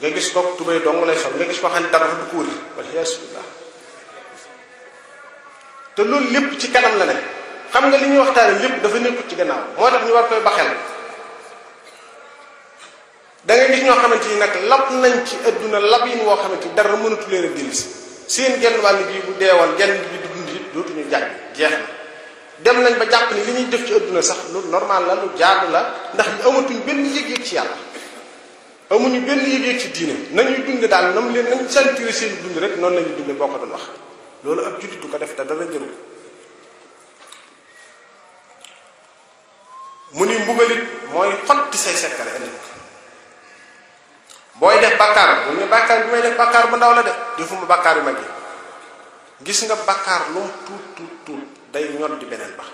nga gis ko tubay dong lay sol nga gis ko xam dara du kuuri wala yasubillah te loolu lépp ci kanam la ne xam nga li ñuy waxtaane lépp dafa nekkut ci gannaaw moo tax ñu war koy baxel da ngay gis ñoo xamante ni nag lab nañ ci adduna lab yi woo xamante ni dara mënatu leen a dellusi seen genn wàll bii bu deewal genn bi du dund it dootuñu jàng jeex na dem nañ ba jàpp ni li ñuy def ci adduna sax lu normal la lu jaadu la ndax ñu amatuñ benn yëg-yëg ci yàlla amuñu benn yëg-yëg ci diine nañuy dunde daal nam leen nañ sentir seen dund rek noonu lañuy dunde boo ko doon wax loolu ab jullit du ko def te dara jëru mu ni mbugalit mooy xotti say sekkare ëllëg boy def bakar, bu ñu bakar bu may def bakar bu ndaw la de defuma bakar yu magi gis nga bakar lu tut tut tut day ñod di benen ba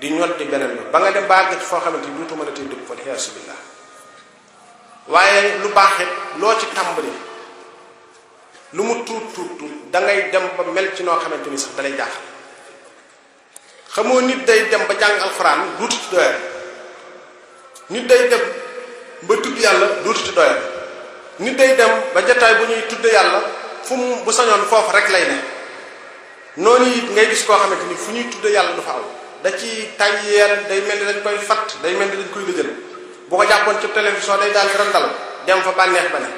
di ñod di benen ba ba nga dem ba àggat fo xamanteni ni duutu mën a tey dëpp kon xeesu billah waaye lu baxé lo ci tambali lu mu tut tut tut da ngay dem ba mel ci no xamanteni sax dalay jaaxal xamo nit day dem ba jang alquran duutu doyal nit day dem ba tut yalla duutu doyal nit day dem ba jataay bu ñuy tudd yàlla fu mu bu sañoon foofu rek lay ne noonu it ngay gis koo xamante ni fu ñuy tudd yàlla du fa am da ci tàyyeel day mel ni dañ koy fatt day mel ni dañ koy lëjël bu ko jàppoon ci day daal di randal dem fa bànneex ba ne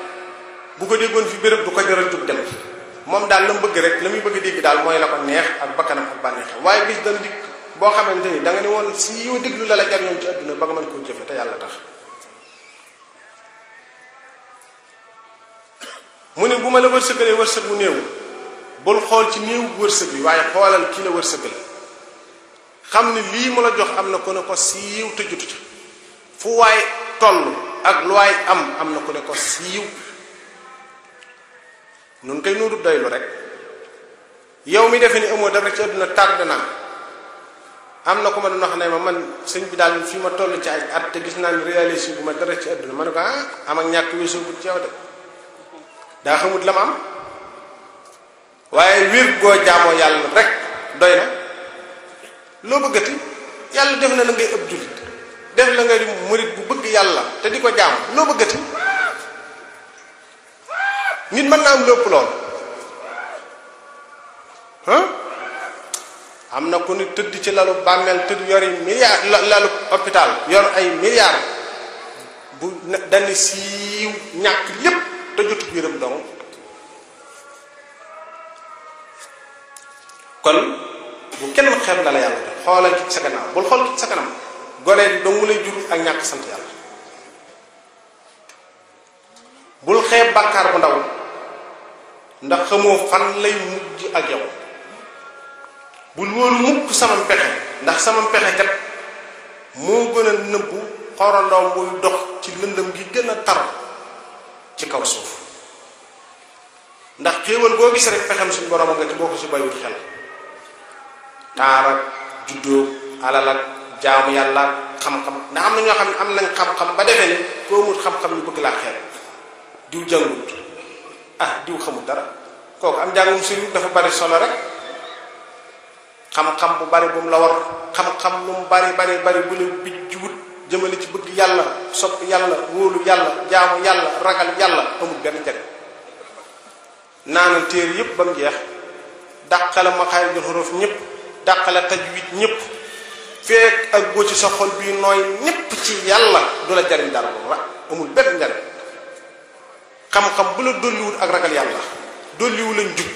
bu ko déggoon fi béréb du ko jaral jug dem moom daal la bëgg rek la muy dégg daal mooy la ko neex ak bakkanam ak bànneexam waaye bis dana dikk boo xamante ni da nga ne woon si yow déglu la la jariñoon ci àdduna ba nga mën koo jëfe te yàlla tax mu ne bu ma la wërsëgalee wërsëg bu néew bul xool ci néew wërsëg bi waaye xoolal kii la wërsëgal xam ne lii mu la jox am na ku ne ko siiw te jutu fu waay ak lu am am na ku ne ko siiw nun koy nuudu doylu rek yow mi defe ni amoo dara ci àdduna tardé naa am na ku ma doon wax ne ma man sëñ bi daal fii ma toll ci at te gis naa ni réalisé bu ma dara ci àdduna ma a ko ah am ak ñàkk wéesoo bu ci yow de daa xamut la ma am waaye wér goo jaamoo yàlla rek doy na loo bëggati yàlla def na la ngay ëpp jullit def la ngay murit bu bëgg yàlla te di ko jaam loo bëggati nit mën naa am lépp lool am na ko nit tëdd ci lalu bàmmeel tëdd yori milliard lalu hôpital yor ay milliards bu dani siiw ñàkk lépp tëjut biiram dong kon bu kenn xeeb na la yàlla xoolal ci sa kanam bul xool ci sa kanam gone dong lay jur ak ñàkk sant yàlla bul xeeb bàkkaar bu ndaw ndax xamoo fan lay mujj ak yow bul wóolu mukk sama pexe ndax sama pexe kat moo gën a nëbbu xorandoom buy dox ci lëndëm gi gën a tar ci kaw suuf ndax xéewal boo gis rek pexem suñu borom nga ci boo ko ci bàyyiwut xel taarak juddoo alal ak jaamu yàlla xam-xam ndax am na ñoo xam ne am nañ xam-xam ba defe ne koo mut xam-xam ñu bëgg laa xel diw jàngut ah diw xamul dara kooku am jàngum suñu dafa bari solo rek xam-xam bu bari bu mu la war xam-xam lu mu bari bari bari bu la bijjuwut jëmale ci bëgg yàlla sopp yàlla wóolu yàlla jaamu yàlla ragal yàlla amul benn njariñ naanal téere yëpp ba mu jeex dàqale maxaarijul xuruuf ñëpp dàqale tajwid ñëpp fekk ak góo ci sa xol bii nooy ñëpp ci yàlla du la jariñ dara moom wax amul benn njariñ xam-xam bu la dolliwul ak ragal yàlla dolliwu la njub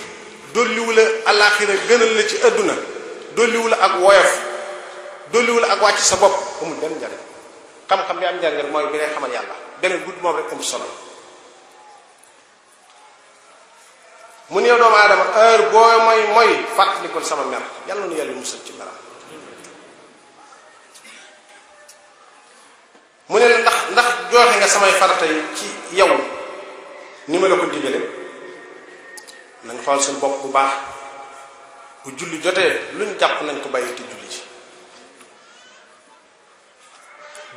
dolliwu la alaxira gënal la ci àdduna dolliwu ak woyof dolliwu ak wàcc sa bopp amul benn njariñ xam-xam bi am njàngal mooy bi lay xamal yàlla beneen gudd moom rek amu solo mu ne doomu aadama heure boo mooy mooy fàttalikul sama mer yàlla nu yàlla musal ci meram mu ne ndax ndax joxe nga samay farata yi ci yow ni ma la ko digale na nga suñu bopp bu baax bu julli jotee luñ jàpp nañ ko bàyyi te julli ci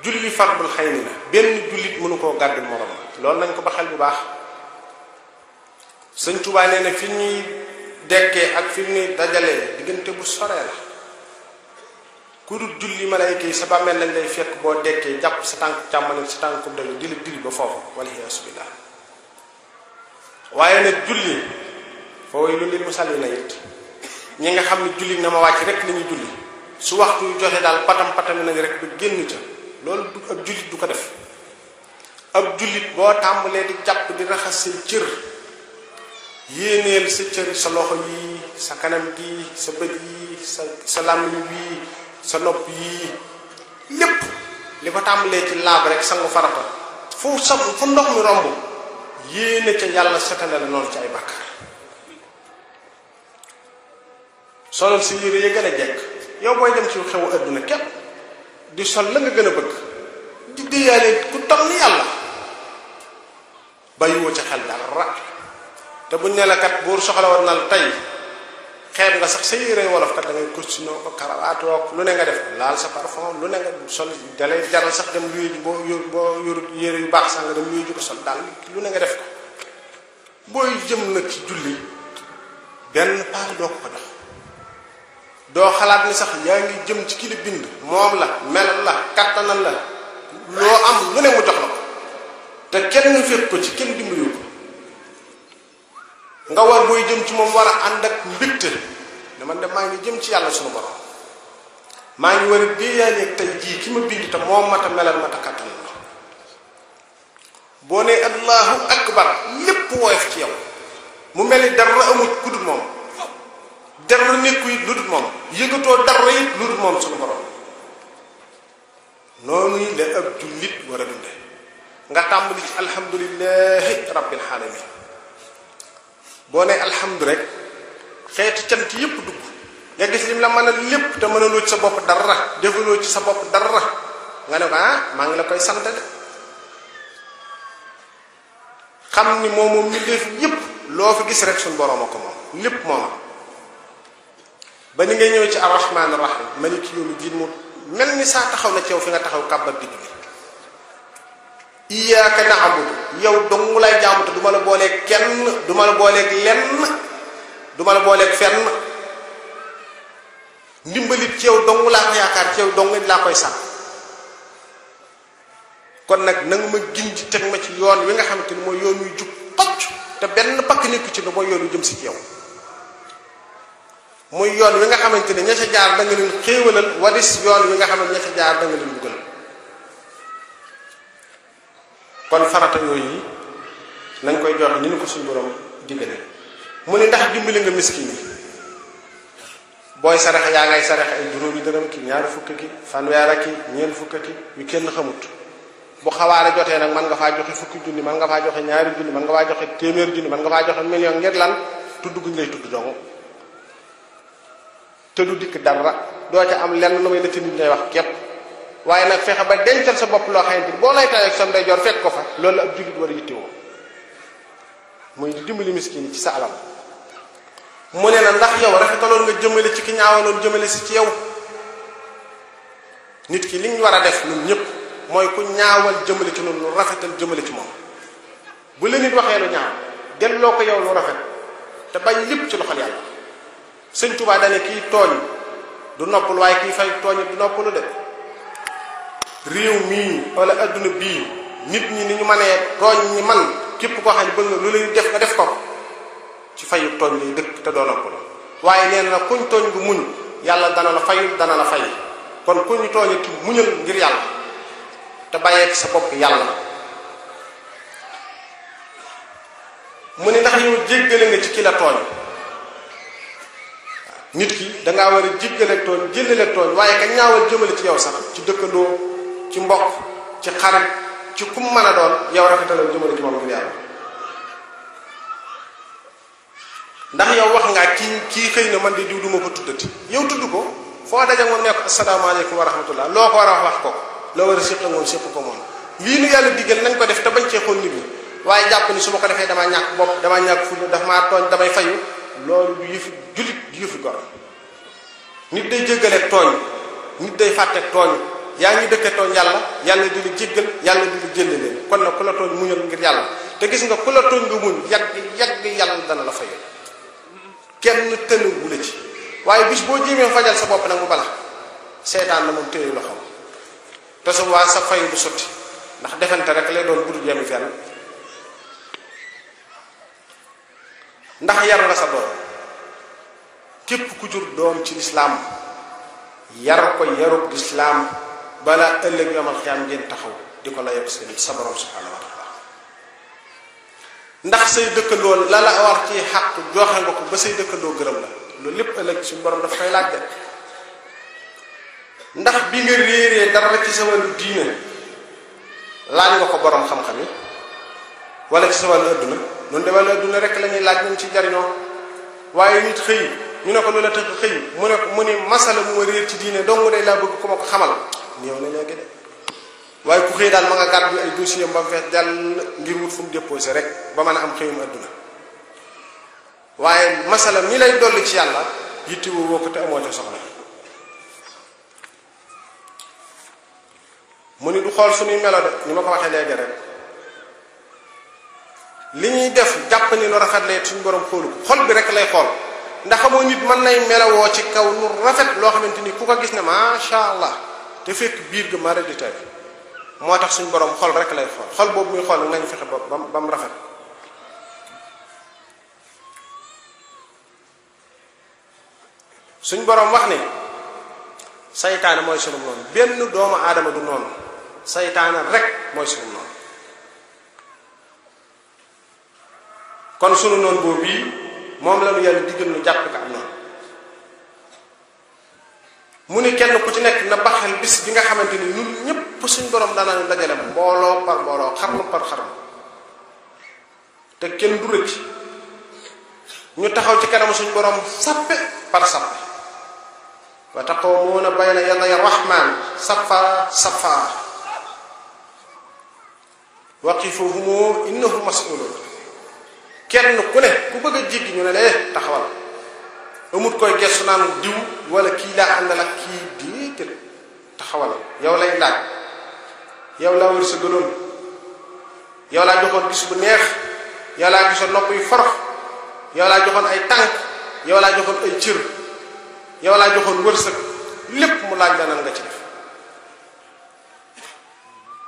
julli fardul xay ni la benn jullit mënu koo gàddu moroom loolu nañ ko ba baxal bu baax sëñ Tuubaa nee na fi ñuy dekkee ak fi ñuy dajalee diggante bu soree la ku dul julli malayka yi sa bàmmeel lañ lay fekk boo dekkee jàpp sa tànk càmmoñ sa tànk dañu dili dili ba foofu wala iyaasu billaah waaye nag julli fooy lu lil musalliina it ñi nga xam ne julli na ma wàcc rek la ñuy julli su waxtu joxe daal patam patam nañ rek ba génn ca loolu du ab jullit du ko def ab jullit boo tàmbalee di jàpp di raxas sa cër yéeneel sa cër sa loxo yi sa kanam gi sa bët yi sa sa làmmiñ sa nopp yi lépp li ko tàmbalee ci laab rek sangu farata fu sa fu ndox mi romb yéene ca yàlla setale la noonu ci ay bàkkaar solal si yére yi gën jekk yow booy dem ci xewu adduna képp di sol la nga gën a bëgg di déyaale ku toll ni yàlla bàyyiwoo ca xel dara te buñ ne la kat buur soxla war na la tey xeeb nga sax sa yére wolof kat da ngay costume ko karawaatoo lu ne nga def laal sa parfum lu ne nga sol dalay jaral sax dem luy boo yor boo yorut yére yu baax sax nga dem ko sol daal lu ne nga def ko booy jëm nag ci julli benn paar doo ko ko jox do xalaat ni sax yaa ngi jëm ci ki bind moom la mel la kattanal la loo am lu ne mu jox la ko te kenn ñu fekk ko ci kenn dimbaliwu ko nga war booy jëm ci moom war a ànd ak mbégte ne man de maa ngi jëm ci yàlla sunu borom maa ngi war a ak tey jii ki ma bind te moom ma ta melal ma ta kattanal la boo ne allahu akbar lépp woyof ci yow mu meli dara amut kudd dul moom dara nekku it lu dut moom dara it lu dut moom suñu borom noonu ab dunde nga tàmbali ci alhamdulilahi rabbil alamin boo ne alhamdu rek xeeti cant yépp dugg nga gis lim la mën a lépp te mënaloo ci sa bopp dara defaloo ci sa dara nga ne ko ah, ngi la koy de xam ni moom moom def yépp loo fi gis rek borom ko ba ni ngay ñëwee ci arrahman arrahim maliki yawmi diin moom mel ni saa taxaw na ci yow fi nga taxaw kàbbak di julli iyaaka na'budu yow dong lay jaamu te du ma la booleeg kenn du ma la booleeg lenn du la booleeg fenn ndimbalit ci yow dong laa yaakaar ci yow dong laa koy sàmm kon nag nanga ma gindi teg ma ci yoon wi nga xam xamante ni mooy yoon yu jub pacc te benn pakk nekk ci ne mooy yoon yu jëm si ci yow muy yoon wi nga xamante ne ña ca jaar da nga leen xéewalal walis yoon wi nga xam ne ña ca jaar da nga leen buggal kon farata yooyu nañ koy joxe ñu ni ko suñ borom diggale mu ne ndax dimbali nga miskin yi booy sarax yaa ngay sarax ay juróomi dërëm ki ñaari fukk ki fanweer ak ki ñeent fukk ki yu kenn xamut bu xawaare jotee nag man nga faa joxe fukki junni man nga faa joxe ñaari junni man nga faa joxe téeméer junni man nga faa joxe million ngir lan tudd guñ lay te du dikk dara doo ca am lenn lu may ci nit ñay wax képp waaye nag fexe ba dencal sa bopp loo xamante ni boo lay tawee ak sa ndeyjoor fekk ko fa loolu ak jullit war a yittewoo muy dimbali miskin ci sa alal mu ne na ndax yow rafetaloon nga jëmale ci ki ñaawaloon jëmale si ci yow nit ki li ñu war a def ñun ñëpp mooy ku ñaawal jëmale ci noonu lu rafetal jëmale ci moom bu la nit waxee lu ñaaw delloo ko yow lu rafet te bañ lépp ci loxol yàlla sëñ tubaa dane kii tooñ du noppalu waaye kii fay tooñ du noppalu de réew mii wala adduna bii nit ñi ni ñu mënee tooñ ñi man képp koo xam ne bëgg nga lu lay def nga def ko ci fayu tooñ lay dëkk te doo noppalu waaye nee na kuñ tooñ bu muñ yàlla dana la fayul dana la fay kon kuñ tooñu muñal ngir yàlla te bàyyee sa bopp yàlla mu ne ndax yow jéggale nga ci ki la tooñ nit ki danga war a jiggale tooñ jëllale tooñ waaye ka ñaawal jëmale ci yow sax ci dëkkandoo ci mbokk ci xarit ci kum mën a doon yow rafetalal jëmale ci moom ngir yàlla ndax yow wax ngaa kii kii xëy na man di diw duma ko tuddati yow tudd ko foo daje moom nekk asalaamaaleykum wa rahmatullah loo ko war a wax ko loo war a séq moom séq ko moom lii nu yàlla diggal nañ ko def te bañ cee xool waaye jàpp ni su ma ko defee damaa ñàkk bopp damaa ñàkk fulla daf maa damay fayu loolu du yëfi jullit du yëfi gor nit day jéggale tooñ nit day fàtte tooñ yaa ngi dëkke tooñ yàlla yàlla di la jéggal yàlla di la jëlle leen kon nag ku la tooñ muñal ngir yàlla te gis nga ku la tooñ nga muñ yàgg yàgg yàlla dana la fayal kenn tënu bu la ci waaye bis boo jéemee fajal sa bopp nag mu bala seetaan na moom téye loxoom te su sa fay du sotti ndax defente rek lay doon budul yemi fenn ndax yar la sa doom képp ku jur doom ci lislaam yar ko yarub lislaam balaa ëllëg yomal xiyaam ngeen taxaw di ko la seen sa borom subhanahu wa taala ndax say dëkkandoo la la war ci xàq joxe nga ko ba say dëkkandoo gërëm la loolu lépp ëllëg suñu borom dafa koy laaj ndax bi nga réeree dara ci sa wàllu diine laaj nga ko boroom xam-xam yi wala ci sa wàllu adduna non de wala adduna rek lañuy laaj ñu ci jarino waye nit xëy ñu ne ko lu la tekk xëy mu ne mu ne masala mu ma ci diine dong day la bëgg ko mako xamal néew na léegi de waaye ku xëy daal ma nga gàddu ay dossier ba fex dal ngir wut fu mu déposé rek ba mëna a am xëyum aduna waye masala mi lay doll ci yàlla yitti wu woko te amoo ci soxla mu ni du xol suñu melo de ni mako waxé légui rek li ñuy def jàpp ni lu rafet lay suñ borom xoolu ko xol bi rek lay xool ndax xamoo nit mën nay melawoo ci kaw lu rafet loo xamante ni ku ko gis ne macha allah te fekk biir ga mara di tay moo tax suñ borom xol rek lay xool xol boobu muy xool nañ fexe ba ba mu rafet suñ borom wax ne saytaane mooy sunu noonu benn doomu aadama du noonu saytaane rek mooy sunu noonu kon sunu noon boobu yi moom la nu yàlla gën nu jàpp ko am noonu mu ni kenn ku ci nekk na baxal bis bi nga xamante ni ñun ñëpp suñ borom daanaa nu dajale mbooloo par mbooloo xarnu par xarnu te kenn du rëcc ñu taxaw ci kanam suñu borom sappe par sappe wa taqawmuuna bayna yaday rahmaan safa safa waqifuhum innahum mas'uluun kenn ku ne ku bëgg a jiggi ñu ne la eh taxawal amut koy gestu naan diw wala kii laa àndal ak kii diital taxawal yow lay laaj yow laa wër sa gënoon yow laa joxoon gis bu neex yow laa gisoon nopp yu forox yow laa joxoon ay tànk yow laa joxoon ay cër yow laa joxoon wërsëg lépp mu laaj la nan nga ci def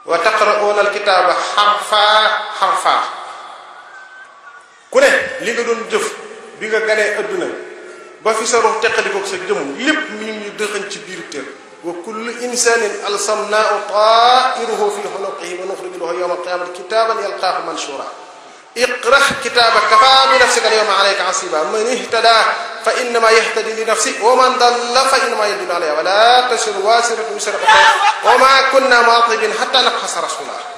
wa taqra'una alkitaaba xarfaa xarfaa ku ne li nga doon jëf bi nga ganee adduna ba fi sa rox teqalikoog sa jëmm lépp mi ngi ñu dëxañ ci biir tër wa kullu insanin alsamnaahu tairuhu fi xunuqihi wa nuxriju lahu yowma alqiyamati kitaban yalqaahu manshura اقرأ كتابك كفى بنفسك اليوم عليك عصيبا من اهتدى فإنما يهتدي لنفسه ومن ضل فإنما يدل عليها ولا تشر واسرة وسر أخرى وما كنا معطبين حتى نبحث رسول الله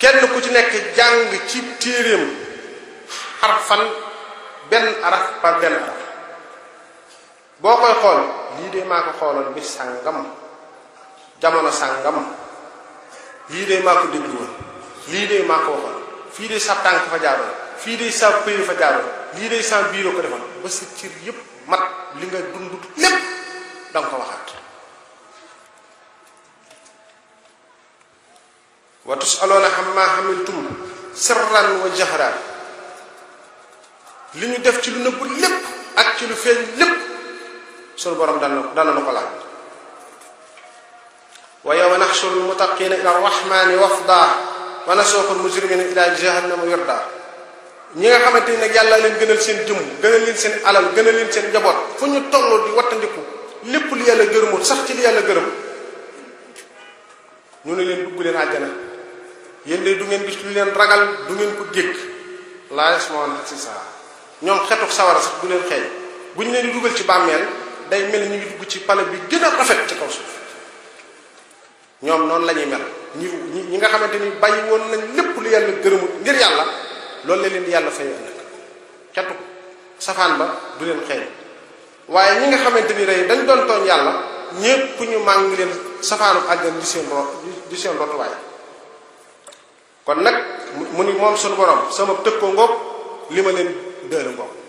kenn ku ci nekk jàng ci téeréem xarfan benn araf par benn araf boo koy xool lii de maa ko xooloon bi sàngam jamono sàngam lii de maa ko déglu woon lii de maa ko waxoon fii de sa tànk fa jaaroon fii de sa pëy fa jaaroon lii de sa biiro ko defoon ba sa cir yépp mat li nga dund lépp danga ko waxaat wa tusaluuna ammaa hamiltum sirran wa jahran li ñu def ci lu nëbbu lépp ak ci lu feeñ lépp sunu borom dana dana na ko laaj wa yawma naxshuru lmutaqiina ila arrahmani wafda wa nasuuqu almujrimina ila jahannama wirda ñi nga xamante ni nag yàlla leen gënal seen jëm gënal leen seen alal gënal leen seen njaboot fu ñu toll di wattandiku lépp li yàlla gërëmul sax ci li yàlla gërëm ñu ne leen dugg leen àjjana yéen de du ngeen gis lu leen ragal du ngeen ko gékk laaj moon si saa ñoom xetuk sawara sax du leen xeeñ bu ñu leen di dugal ci bàmmeel day mel ni ñu ngi dugg ci pale bi gën a rafet ci suuf ñoom noonu la mel ñi ñi nga xamante ni bàyyi woon nañ lépp lu yàlla gërëmut ngir yàlla loolu la leen di yàlla fay ëllëg xetuk safaan ba du leen xeeñ waaye ñi nga xamante ni rey dañ doon tooñ yàlla ñépp ñu màng leen safaanu àggan di seen ro di seen rotuwaay kon nag mu ni moom sunu borom sama tëkko ngoog li ma leen dëëla ngoog